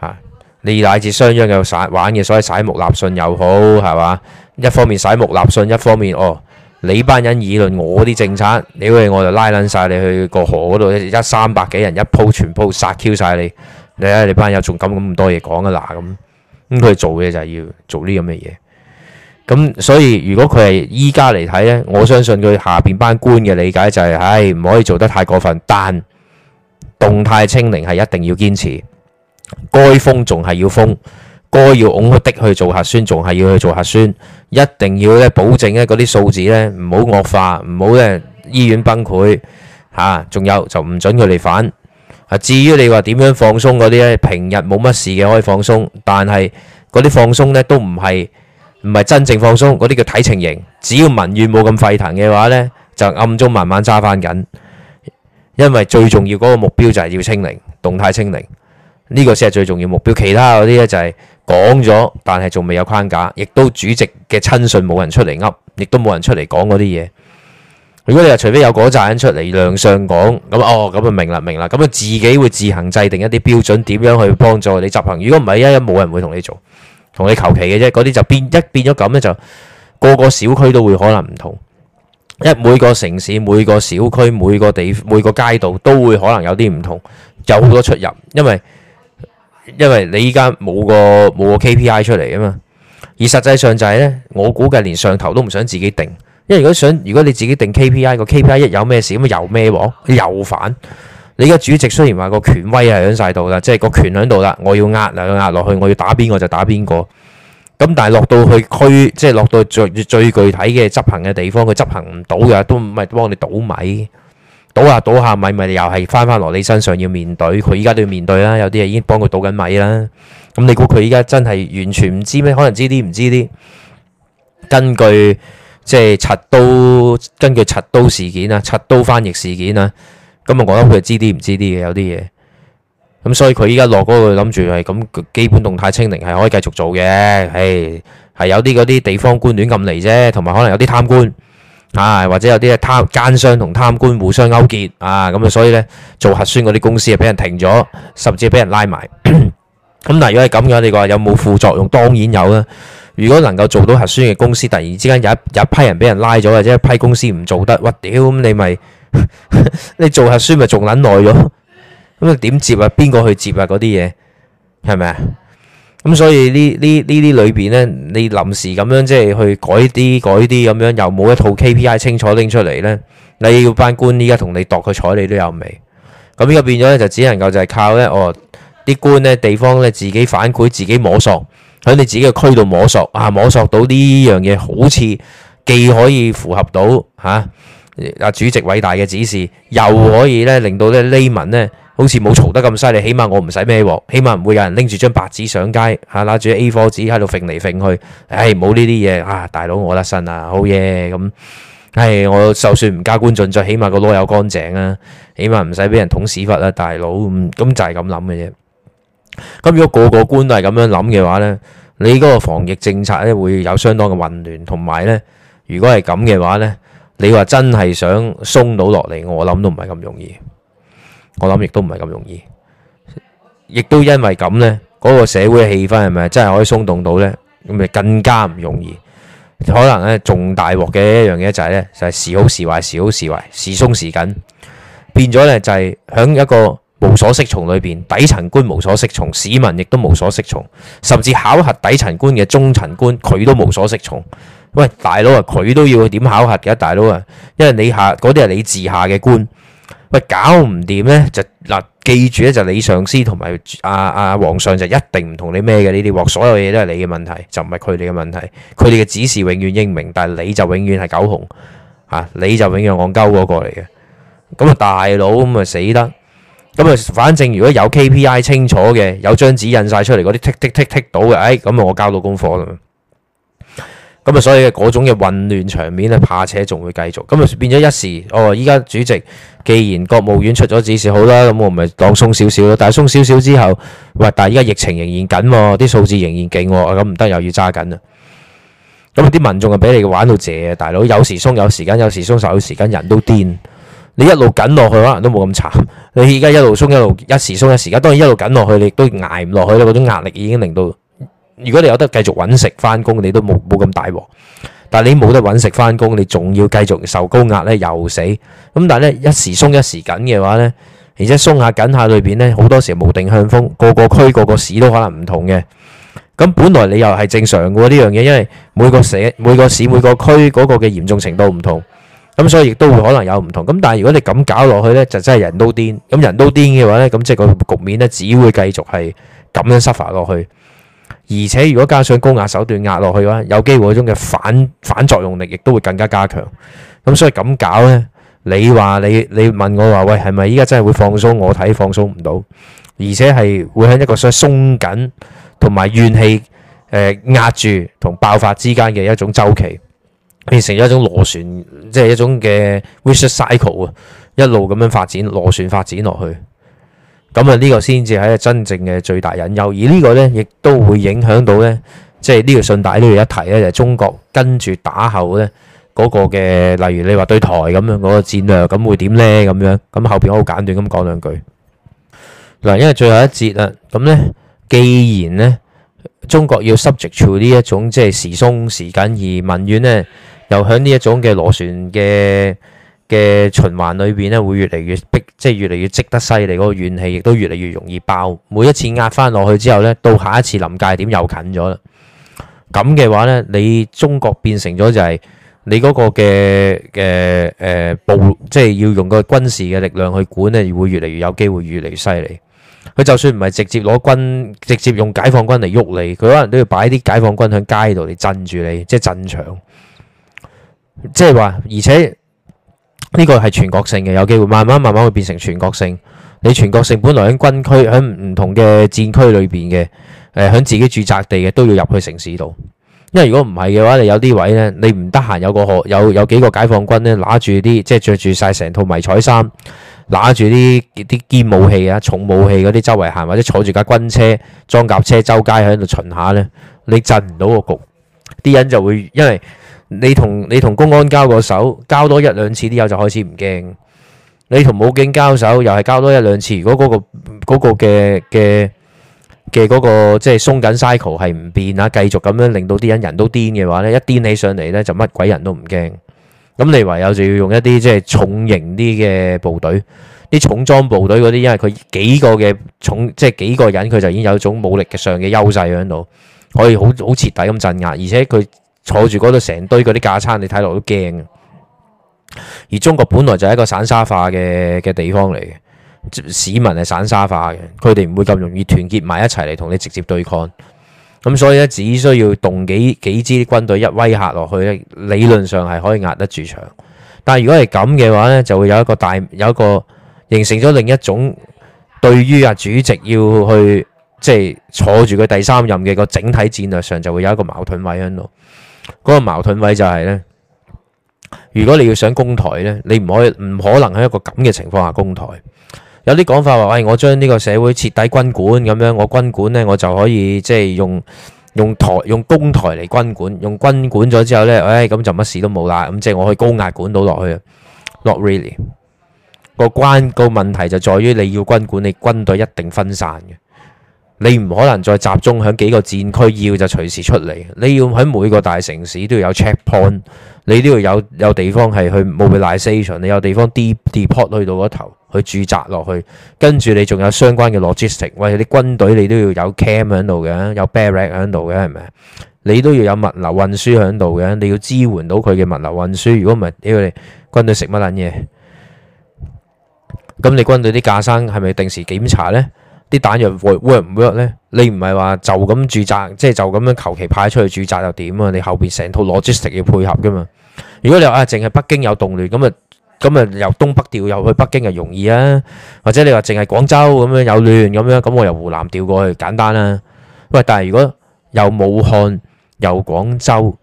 吓，你乃至商鞅又耍玩嘅，所以徙木立信又好，係嘛？一方面徙木立信，一方面哦，你班人議論我啲政策，屌，我就拉捻晒你去嗰河度，一三百幾人一鋪，全鋪殺 Q 晒你，你睇你班友仲敢咁多嘢講啊嗱咁。咁佢做嘅就係要做啲咁嘅嘢，咁所以如果佢係依家嚟睇咧，我相信佢下邊班官嘅理解就係，唉，唔可以做得太過分，但動態清零係一定要堅持，該封仲係要封，該要拱的去做核酸仲係要去做核酸，一定要咧保證咧嗰啲數字咧唔好惡化，唔好咧醫院崩潰，吓，仲有就唔準佢哋反。至於你話點樣放鬆嗰啲咧，平日冇乜事嘅可以放鬆，但係嗰啲放鬆呢都唔係唔係真正放鬆，嗰啲叫睇情形，只要民怨冇咁沸騰嘅話呢，就暗中慢慢揸翻緊。因為最重要嗰個目標就係要清零，動態清零，呢個先係最重要目標。其他嗰啲呢，就係講咗，但係仲未有框架，亦都主席嘅親信冇人出嚟噏，亦都冇人出嚟講嗰啲嘢。如果你話除非有嗰扎人出嚟量上講，咁哦咁啊明啦明啦，咁啊自己會自行制定一啲標準，點樣去幫助你執行？如果唔係，一一冇人會同你做，同你求其嘅啫。嗰啲就變一變咗咁咧，就個個小區都會可能唔同，一每個城市每個小區每個地每個街道都會可能有啲唔同，有好多出入，因為因為你依家冇個冇個 KPI 出嚟啊嘛，而實際上就係咧，我估計連上頭都唔想自己定。因為如果想如果你自己定 KPI 個 KPI 一有咩事咁啊又咩喎又反你而家主席雖然話個權威係響晒度啦，即係個權響度啦，我要壓兩壓落去，我要打邊個就打邊個咁。但係落到去區，即係落到最最具體嘅執行嘅地方，佢執行唔到嘅都唔係幫你倒米倒下倒下米咪又係翻翻落你身上要面對。佢依家都要面對啦，有啲嘢已經幫佢倒緊米啦。咁你估佢依家真係完全唔知咩？可能知啲唔知啲根據。即係拆刀，根據拆刀事件啊，拆刀翻譯事件啊，咁啊，我覺得佢係知啲唔知啲嘅，有啲嘢。咁所以佢依家落嗰度諗住係咁基本動態清零係可以繼續做嘅，誒係有啲嗰啲地方官亂咁嚟啫，同埋可能有啲貪官啊，或者有啲貪奸，奸商同貪官互相勾結啊，咁啊，所以咧做核酸嗰啲公司啊，俾人停咗，甚至係俾人拉埋。咁嗱， 如果係咁樣，你話有冇副作用？當然有啦。如果能夠做到核酸嘅公司，突然之間有一有一批人俾人拉咗，或者一批公司唔做得，我屌咁你咪 你做核酸咪仲捻耐咗，咁你點接啊？邊個去接啊？嗰啲嘢係咪啊？咁所以呢呢呢啲裏邊咧，你臨時咁樣即係去改啲改啲咁樣，又冇一套 KPI 清楚拎出嚟咧，你要班官依家同你度佢彩你都有味，咁呢個變咗咧就只能夠就係靠咧哦啲官咧地方咧，自己反饋自己摸索，喺你自己嘅區度摸索啊，摸索到呢樣嘢好似既可以符合到嚇啊主席偉大嘅指示，又可以咧令到咧呢文咧好似冇嘈得咁犀利，起碼我唔使孭鑊，起碼唔會有人拎住張白紙上街嚇，攞、啊、住 A4 紙喺度揈嚟揈去，唉冇呢啲嘢啊！大佬我得身啊，好嘢咁，唉、嗯哎、我就算唔加官進爵，起碼個籮柚乾淨啊，起碼唔使俾人捅屎忽啦，大佬咁咁就係咁諗嘅啫。咁如果個個官都係咁樣諗嘅話呢，你嗰個防疫政策咧會有相當嘅混亂，同埋呢，如果係咁嘅話呢，你話真係想鬆到落嚟，我諗都唔係咁容易，我諗亦都唔係咁容易，亦都因為咁呢，嗰個社會氣氛係咪真係可以鬆動到呢？咁咪更加唔容易，可能呢，仲大鑊嘅一樣嘢就係呢，就係時好時壞，時好時壞，時鬆時緊，變咗呢，就係響一個。無所適從，裏邊底層官無所適從，市民亦都無所適從，甚至考核底層官嘅中層官，佢都無所適從。喂，大佬啊，佢都要點考核嘅？大佬啊，因為你下嗰啲係你治下嘅官，喂，搞唔掂咧，就嗱、啊，記住咧，就你、是、上司同埋阿阿皇上就一定唔同你咩嘅呢啲鑊，所有嘢都係你嘅問題，就唔係佢哋嘅問題。佢哋嘅指示永遠英明，但係你就永遠係狗熊吓、啊，你就永遠戇鳩嗰個嚟嘅。咁啊，大佬咁啊，死得。咁啊，反正如果有 KPI 清楚嘅，有張紙印晒出嚟，嗰啲 tick tick tick tick 到嘅，哎，咁啊，我交到功課啦。咁啊，所以嗰種嘅混亂場面咧，怕且仲會繼續。咁啊，變咗一時哦。依家主席既然國務院出咗指示，好啦，咁我咪當鬆少少咯。但係鬆少少之後，喂，但係依家疫情仍然緊喎、啊，啲數字仍然勁喎、啊，咁唔得又要揸緊啦。咁啲民眾啊，俾你玩到謝啊，大佬，有時鬆有時間，有時鬆手，有時間，人都癲。你一路緊落去，可能都冇咁慘。你而家一路鬆，一路一時鬆一時緊，當然一路緊落去，你亦都捱唔落去啦。嗰種壓力已經令到，如果你有得繼續揾食翻工，你都冇冇咁大鑊。但係你冇得揾食翻工，你仲要繼續受高壓咧，又死。咁但係咧，一時鬆一時緊嘅話咧，而且鬆下緊下裏邊咧，好多時無定向風，個個區個個市都可能唔同嘅。咁本來你又係正常嘅喎，呢樣嘢，因為每個社每個市每個區嗰個嘅嚴重程度唔同。咁所以亦都會可能有唔同，咁但係如果你咁搞落去咧，就真係人都癲，咁人都癲嘅話咧，咁即係個局面咧，只會繼續係咁樣 suffer 落去，而且如果加上高壓手段壓落去嘅話，有機會嗰種嘅反反作用力亦都會更加加強。咁所以咁搞咧，你話你你問我話，喂，係咪依家真係會放鬆？我睇放鬆唔到，而且係會喺一個想鬆緊同埋怨氣誒壓住同爆發之間嘅一種週期。變成咗一種螺旋，即係一種嘅 vicious cycle 啊，一路咁樣發展，螺旋發展落去。咁啊，呢個先至係真正嘅最大隱憂。而呢個咧，亦都會影響到咧，即係呢個順帶呢度一提咧，就係中國跟住打後咧嗰個嘅，例如你話對台咁樣嗰個戰略，咁會點咧？咁樣咁後邊我好簡短咁講兩句。嗱，因為最後一節啊，咁咧，既然咧中國要 subject to 呢一種即係時鬆時緊，而民怨咧。又喺呢一種嘅螺旋嘅嘅循環裏邊咧，會越嚟越逼，即係越嚟越積得犀利嗰個怨氣，亦都越嚟越容易爆。每一次壓翻落去之後咧，到下一次臨界點又近咗啦。咁嘅話咧，你中國變成咗就係、是、你嗰個嘅嘅誒暴，即係要用個軍事嘅力量去管咧，會越嚟越有機會越嚟越犀利。佢就算唔係直接攞軍，直接用解放軍嚟喐你，佢可能都要擺啲解放軍喺街度嚟鎮住你，即係鎮場。即係話，而且呢個係全國性嘅，有機會慢慢慢慢會變成全國性。你全國性本來喺軍區、喺唔同嘅戰區裏邊嘅，誒、呃，喺自己住宅地嘅都要入去城市度。因為如果唔係嘅話，你有啲位咧，你唔得閒，有個可有有幾個解放軍咧，拿住啲即係着住晒成套迷彩衫，拿住啲啲堅武器啊、重武器嗰啲，周圍行或者坐住架軍車、裝甲車周街喺度巡下咧，你震唔到個局，啲人就會因為。你同你同公安交個手，交多一兩次啲友就開始唔驚。你同武警交手，又係交多一兩次。如果嗰個嗰個嘅嘅嘅嗰個即係鬆緊 cycle 係唔變啊，繼續咁樣令到啲人人都癲嘅話咧，一癲起上嚟咧就乜鬼人都唔驚。咁你唯有就要用一啲即係重型啲嘅部隊，啲重裝部隊嗰啲，因為佢幾個嘅重即係幾個人，佢就已經有種武力嘅上嘅優勢喺度，可以好好徹底咁鎮壓，而且佢。坐住嗰度成堆嗰啲架撐，你睇落都驚。而中國本來就係一個散沙化嘅嘅地方嚟嘅，市民係散沙化嘅，佢哋唔會咁容易團結埋一齊嚟同你直接對抗。咁所以咧，只需要動幾幾支軍隊一威嚇落去咧，理論上係可以壓得住場。但係如果係咁嘅話咧，就會有一個大有一個形成咗另一種對於啊主席要去即係坐住佢第三任嘅個整體戰略上就會有一個矛盾位喺度。嗰個矛盾位就係咧，如果你要想攻台咧，你唔可以唔可能喺一個咁嘅情況下攻台。有啲講法話我將呢個社會徹底軍管咁樣，我軍管咧我就可以即係用用台用攻台嚟軍管，用軍管咗之後咧，唉咁就乜事都冇啦。咁即係我可以高壓管到落去。Not really。個關個問題就在於你要軍管，你軍隊一定分散嘅。你唔可能再集中喺幾個戰區，要就隨時出嚟。你要喺每個大城市都要有 checkpoint，你都要有有地方係去 mobilization，你有地方 dep depot 去到嗰頭去駐紮落去，跟住你仲有相關嘅 logistics。喂，啲軍隊你都要有 camp 喺度嘅，有 barrack 喺度嘅，係咪？你都要有物流運輸喺度嘅，你要支援到佢嘅物流運輸。如果唔係，你要你軍隊食乜撚嘢？咁你軍隊啲架生係咪定時檢查呢？啲彈藥 work 唔 work 咧？你唔係話就咁住宅，即係就咁、是、樣求其派出去住宅就點啊？你後邊成套攞 o g 要配合噶嘛？如果你話啊，淨係北京有動亂咁啊，咁啊由東北調入去北京又容易啊？或者你話淨係廣州咁樣有亂咁樣，咁我由湖南調過去簡單啦、啊。喂，但係如果由武漢由廣州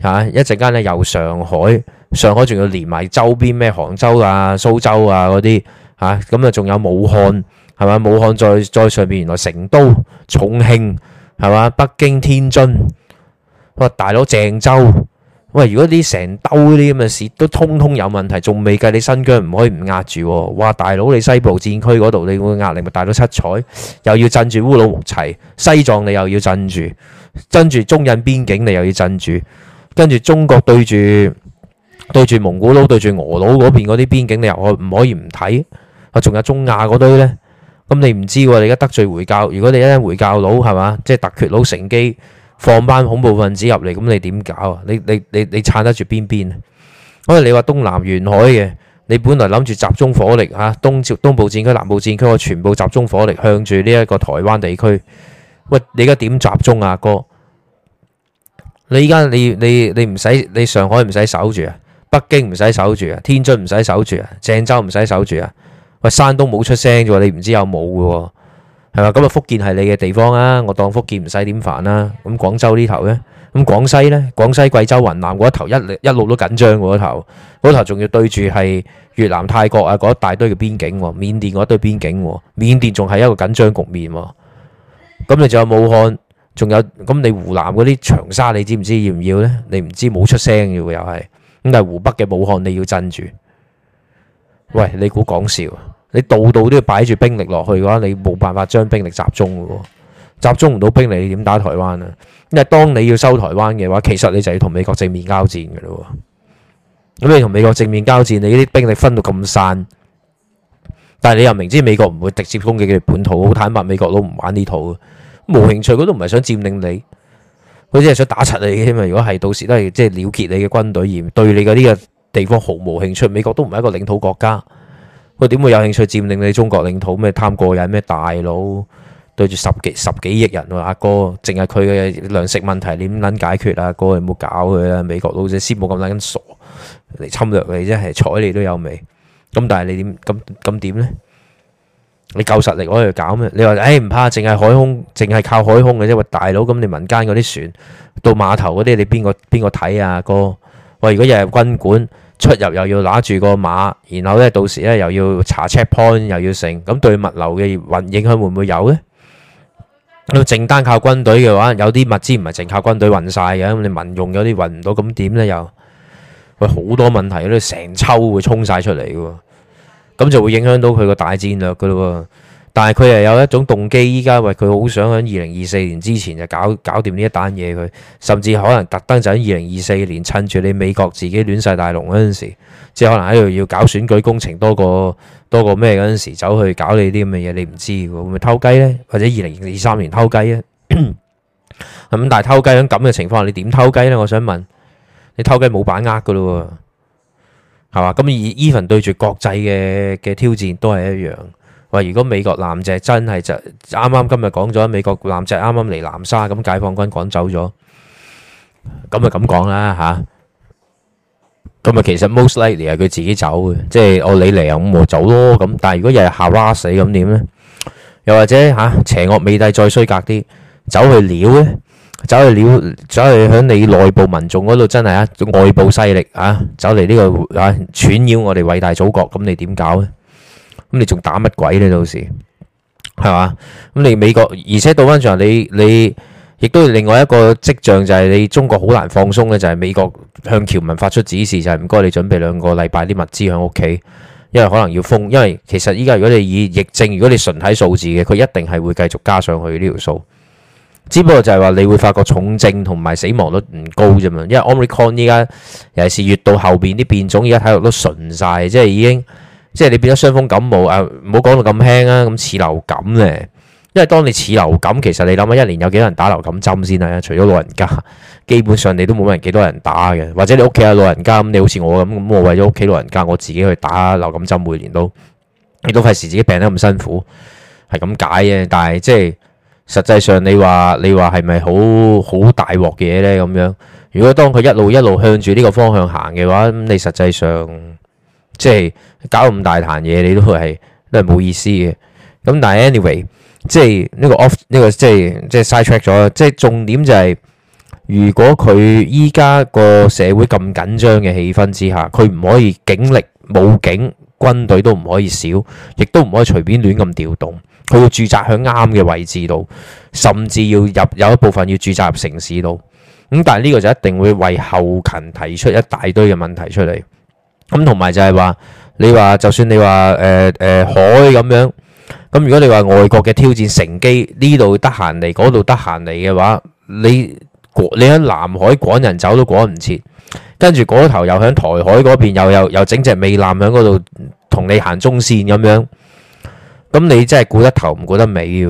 吓、啊，一陣間咧由上海，上海仲要連埋周邊咩杭州啊、蘇州啊嗰啲吓，咁啊仲有武漢。嗯係咪？武漢再再上邊，原來成都、重慶，係嘛？北京、天津，喂，大佬鄭州，喂，如果啲成兜啲咁嘅事都通通有問題，仲未計你新疆唔可以唔壓住、哦，哇！大佬你西部戰區嗰度，你個壓力咪大到七彩，又要鎮住烏魯木齊，西藏你又要鎮住，跟住中印邊境你又要鎮住，跟住中國對住對住蒙古佬、對住俄佬嗰邊嗰啲邊境，你又唔可以唔睇，啊，仲有中亞嗰堆咧。咁你唔知喎，你而家得罪回教，如果你一陣回教佬係嘛，即係突厥佬乘機放班恐怖分子入嚟，咁你點搞啊？你你你你撐得住邊邊啊？因為你話東南沿海嘅，你本來諗住集中火力嚇東朝東部戰區、南部戰區，我全部集中火力向住呢一個台灣地區。喂，你而家點集中啊，哥？你而家你你你唔使你上海唔使守住啊，北京唔使守住啊，天津唔使守住啊，鄭州唔使守住啊。喂，山東冇出聲啫，你唔知有冇嘅，係嘛？咁啊，福建係你嘅地方啊，我當福建唔使點煩啦。咁廣州呢頭咧，咁廣西咧，廣西貴州雲南嗰一頭一一路都緊張嘅一頭，嗰頭仲要對住係越南、泰國啊嗰一大堆嘅邊境，緬甸嗰一堆邊境，緬甸仲係一個緊張局面。咁你仲有武漢，仲有咁你湖南嗰啲長沙，你知唔知要唔要咧？你唔知冇出聲啫，又係咁，但係湖北嘅武漢你要鎮住。喂，你估講笑啊？你度度都要擺住兵力落去嘅話，你冇辦法將兵力集中嘅喎，集中唔到兵力你點打台灣啊？因為當你要收台灣嘅話，其實你就要同美國正面交戰嘅咯。咁你同美國正面交戰，你啲兵力分到咁散，但係你又明知美國唔會直接攻擊佢本土，好坦白，美國都唔玩呢套嘅，冇興趣，佢都唔係想佔領你，佢只係想打柒你啫嘛。如果係到時都係即係了結你嘅軍隊而對你嗰啲嘅。地方毫無興趣，美國都唔係一個領土國家，佢點會有興趣佔領你中國領土？咩貪過人？咩大佬對住十幾十幾億人喎，阿哥，淨係佢嘅糧食問題點撚解決啊？個有冇搞佢啊？美國佬先冇咁撚根傻嚟侵略你啫，係睬你都有味。咁但係你點咁咁點呢？你夠實力可以搞咩？你話唉唔怕，淨係海空，淨係靠海空嘅啫。喂，大佬，咁你民間嗰啲船到碼頭嗰啲，你邊個邊個睇啊？哥？我如果入入軍管，出入又要拿住個碼，然後咧到時咧又要查 check point，又要成，咁對物流嘅運影響會唔會有咧？都淨單靠軍隊嘅話，有啲物資唔係淨靠軍隊運晒嘅，咁你民用有啲運唔到，咁點呢？又？喂，好多問題都成抽會衝晒出嚟嘅喎，咁就會影響到佢個大戰略嘅咯喎。但係佢又有一種動機，依家話佢好想喺二零二四年之前就搞搞掂呢一單嘢佢，甚至可能特登就喺二零二四年趁住你美國自己亂晒大龍嗰陣時，即係可能喺度要搞選舉工程多過多過咩嗰陣時走去搞你啲咁嘅嘢，你唔知會唔會偷雞呢？或者二零二三年偷雞咧？咁 但係偷雞咁嘅情況你點偷雞呢？我想問你偷雞冇把握噶咯喎，係嘛？咁而 even 對住國際嘅嘅挑戰都係一樣。話如果美國艦隻真係就啱啱今日講咗美國艦隻啱啱嚟南沙，咁解放軍趕走咗，咁咪咁講啦吓？咁啊其實 most likely 係佢自己走嘅，即係我你嚟啊，咁我走咯咁。但係如果日日下哇死咁點咧？又或者吓邪惡美帝再衰格啲，走去撩？咧走去撩，走去響你內部民眾嗰度真係啊！外部勢力啊，走嚟呢個啊，竄擾我哋偉大祖國，咁你點搞咧？咁你仲打乜鬼呢？到時係嘛？咁你美國，而且到翻上你你亦都另外一個跡象就係、是、你中國好難放鬆嘅。就係、是、美國向僑民發出指示，就係唔該你準備兩個禮拜啲物資喺屋企，因為可能要封。因為其實依家如果你以疫症，如果你純睇數字嘅，佢一定係會繼續加上去呢條數。只不過就係話你會發覺重症同埋死亡率唔高啫嘛，因為 Omicron 依家尤其是越到後邊啲變種，依家體育都純晒，即係已經。即係你變咗傷風感冒，誒，唔好講到咁輕啊，咁似、啊、流感咧。因為當你似流感，其實你諗下一年有幾多人打流感針先啊？除咗老人家，基本上你都冇乜人，幾多人打嘅？或者你屋企有老人家，咁、嗯、你好似我咁，咁我為咗屋企老人家，我自己去打流感針，每年都亦都費事自己病得咁辛苦，係咁解嘅。但係即係實際上你，你話你話係咪好好大鑊嘅嘢咧？咁樣，如果當佢一路一路向住呢個方向行嘅話，咁你實際上。即係搞咁大壇嘢，你都係都係冇意思嘅。咁但係 anyway，即係呢個 off 呢個即係即係 side track 咗。即係重點就係、是，如果佢依家個社會咁緊張嘅氣氛之下，佢唔可以警力、武警、軍隊都唔可以少，亦都唔可以隨便亂咁調動。佢要駐紮喺啱嘅位置度，甚至要入有一部分要駐紮入城市度。咁但係呢個就一定會為後勤提出一大堆嘅問題出嚟。咁同埋就係、呃呃、話，你話就算你話誒誒海咁樣，咁如果你話外國嘅挑戰乘機呢度得閒嚟，嗰度得閒嚟嘅話，你你喺南海趕人走都趕唔切，跟住嗰頭又喺台海嗰邊又又又整隻美艦喺嗰度同你行中線咁樣，咁你真係顧得頭唔顧得尾嘅，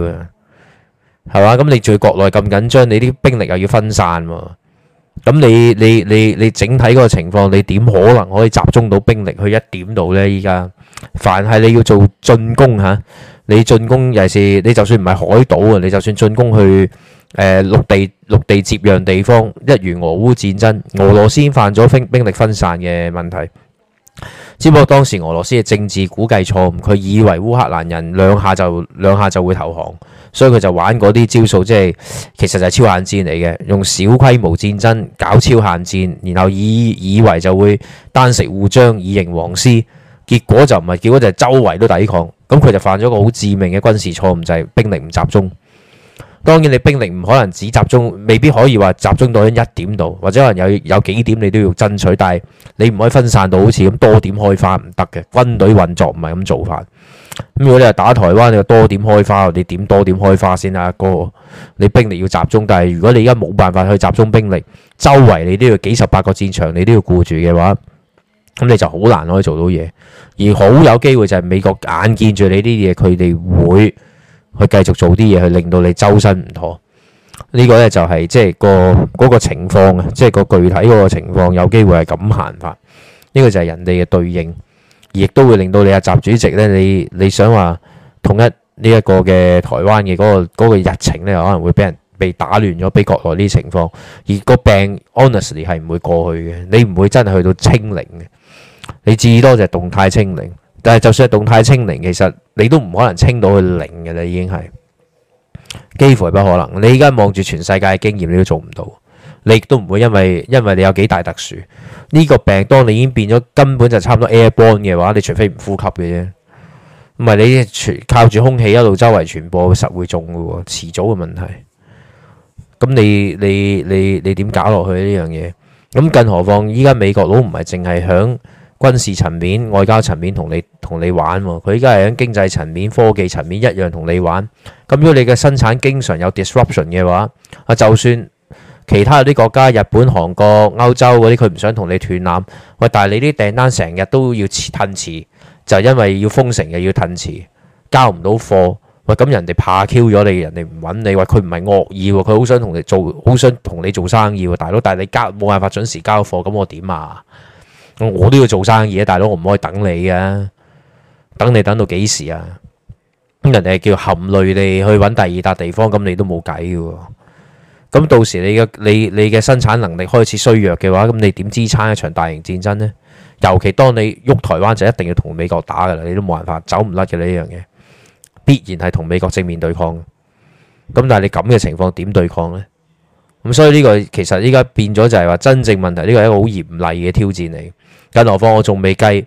係嘛？咁你在國內咁緊張，你啲兵力又要分散喎、啊。咁你你你你整體嗰個情況，你點可能可以集中到兵力去一點度呢？依家凡係你要做進攻嚇，你進攻，尤其是你就算唔係海島啊，你就算進攻去誒陸地陸地接壤地方，一如俄烏戰爭，俄羅斯犯咗兵兵力分散嘅問題。只不過當時俄羅斯嘅政治估計錯誤，佢以為烏克蘭人兩下就兩下就會投降，所以佢就玩嗰啲招數，即係其實就係超限戰嚟嘅，用小規模戰爭搞超限戰，然後以以為就會簞食壺漿以迎王師，結果就唔係，結果就係周圍都抵抗，咁佢就犯咗個好致命嘅軍事錯誤，就係、是、兵力唔集中。當然，你兵力唔可能只集中，未必可以話集中到一點度，或者可能有有幾點你都要爭取，但係你唔可以分散到好似咁多點開花唔得嘅，軍隊運作唔係咁做法。咁如果你係打台灣，你多點開花，你點多點開花先啊？哥，哥，你兵力要集中，但係如果你而家冇辦法去集中兵力，周圍你都要幾十八個戰場，你都要顧住嘅話，咁你就好難可以做到嘢，而好有機會就係美國眼見住你呢啲嘢，佢哋會。去繼續做啲嘢，去令到你周身唔妥呢、呢個呢，就係、是、即係、嗰個嗰、嗰個情況啊！即係、嗰個具體嗰個情況有機會係咁行法，呢個就係人哋嘅對應，亦都會令到你啊習主席呢，你你想話統一呢一、呢個嘅台灣嘅嗰、嗰個嗰個日程呢，可能會俾人被打亂咗，俾國內呢啲情況，而個病 Honestly 係唔會過去嘅，你唔會真係去到清零嘅，你至多就係動態清零。但係，就算係動態清零，其實你都唔可能清到去零嘅啦，已經係幾乎係不可能。你依家望住全世界嘅經驗，你都做唔到。你亦都唔會因為因為你有幾大特殊呢個病，當你已經變咗根本就差唔多 airborne 嘅話，你除非唔呼吸嘅啫，唔係你靠住空氣一路周圍傳播實會中嘅喎，遲早嘅問題。咁你你你你點搞落去呢樣嘢？咁更何況依家美國佬唔係淨係響。軍事層面、外交層面同你同你玩喎，佢依家係喺經濟層面、科技層面一樣同你玩。咁如果你嘅生產經常有 disruption 嘅話，啊，就算其他有啲國家，日本、韓國、歐洲嗰啲，佢唔想同你斷纜。喂，但係你啲訂單成日都要遲、褪遲，就係因為要封城嘅，要褪遲，交唔到貨。喂，咁人哋怕 Q 咗你，人哋唔揾你。喂，佢唔係惡意喎，佢好想同你做，好想同你做生意。大佬，但係你交冇辦法準時交貨，咁我點啊？我都要做生意啊，大佬，我唔可以等你噶啊，等你等到幾時啊？咁人哋叫含淚地去搵第二笪地方，咁你都冇計噶。咁到時你嘅、你你嘅生產能力開始衰弱嘅話，咁你點支撐一場大型戰爭呢？尤其當你喐台灣就一定要同美國打噶啦，你都冇辦法走唔甩嘅呢樣嘢，必然係同美國正面對抗。咁但係你咁嘅情況點對抗呢？咁所以呢個其實依家變咗就係話真正問題，呢個係一個好嚴厲嘅挑戰嚟。更何況我仲未計，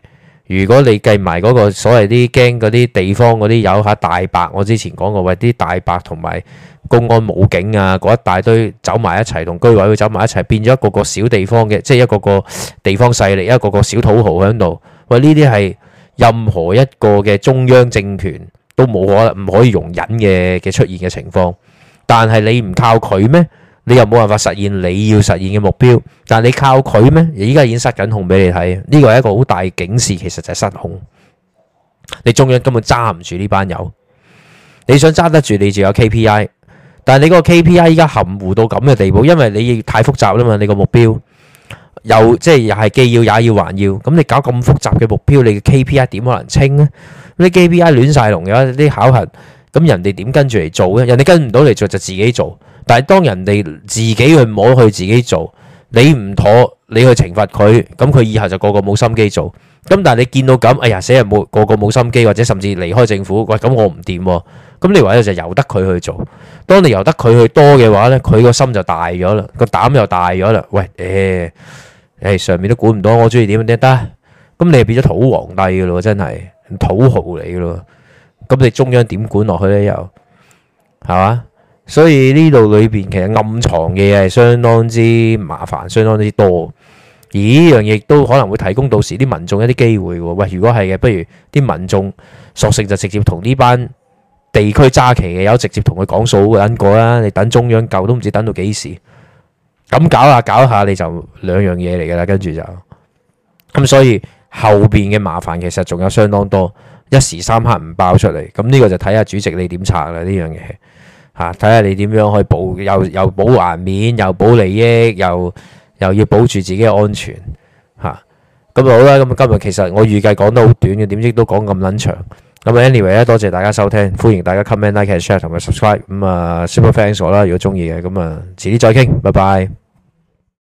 如果你計埋嗰個所謂啲驚嗰啲地方嗰啲有嚇大白，我之前講過喂，啲大白同埋公安武警啊嗰一大堆走埋一齊，同居委會走埋一齊，變咗一個個小地方嘅，即係一個個地方勢力，一個個小土豪喺度。喂，呢啲係任何一個嘅中央政權都冇可能唔可以容忍嘅嘅出現嘅情況。但係你唔靠佢咩？你又冇辦法實現你要實現嘅目標，但係你靠佢咩？而家已經失緊控俾你睇，呢個係一個好大警示，其實就係失控。你中央根本揸唔住呢班友，你想揸得住，你就有 KPI。但係你嗰個 KPI 依家含糊到咁嘅地步，因為你太複雜啦嘛，你個目標又即係又係既要也要還要，咁你搞咁複雜嘅目標，你嘅 KPI 點可能清呢？啲 KPI 亂晒籠嘅，啲考核咁人哋點跟住嚟做呢？人哋跟唔到嚟做就自己做。但係當人哋自己去摸去自己做，你唔妥，你去懲罰佢，咁佢以後就個個冇心機做。咁但係你見到咁，哎呀死人冇個個冇心機，或者甚至離開政府，喂，咁我唔掂喎。咁你話咧就由得佢去做。當你由得佢去多嘅話咧，佢個心就大咗啦，個膽又大咗啦。喂，誒、欸、誒、欸、上面都管唔到，我中意點都得。咁你就變咗土皇帝噶咯，真係土豪嚟噶咯。咁你中央點管落去咧又係嘛？所以呢度裏邊其實暗藏嘅嘢係相當之麻煩，相當之多。而呢樣嘢都可能會提供到時啲民眾一啲機會。喂，如果係嘅，不如啲民眾索性就直接同呢班地區揸旗嘅友直接同佢講數，等過啦。你等中央救都唔知等到幾時，咁搞下搞下，搞下你就兩樣嘢嚟噶啦。跟住就咁，所以後邊嘅麻煩其實仲有相當多，一時三刻唔爆出嚟，咁呢個就睇下主席你點拆啦。呢樣嘢。吓，睇下、啊、你點樣去保，又又保顏面，又保利益，又又要保住自己嘅安全，吓、啊，咁好啦。咁今日其實我預計講得好短嘅，點知都講咁捻長。咁 Anyway 咧，多謝大家收聽，歡迎大家 comment、like、share 同埋 subscribe、嗯。咁啊，super thanks 啦，如果中意嘅，咁啊，遲啲再傾，拜拜。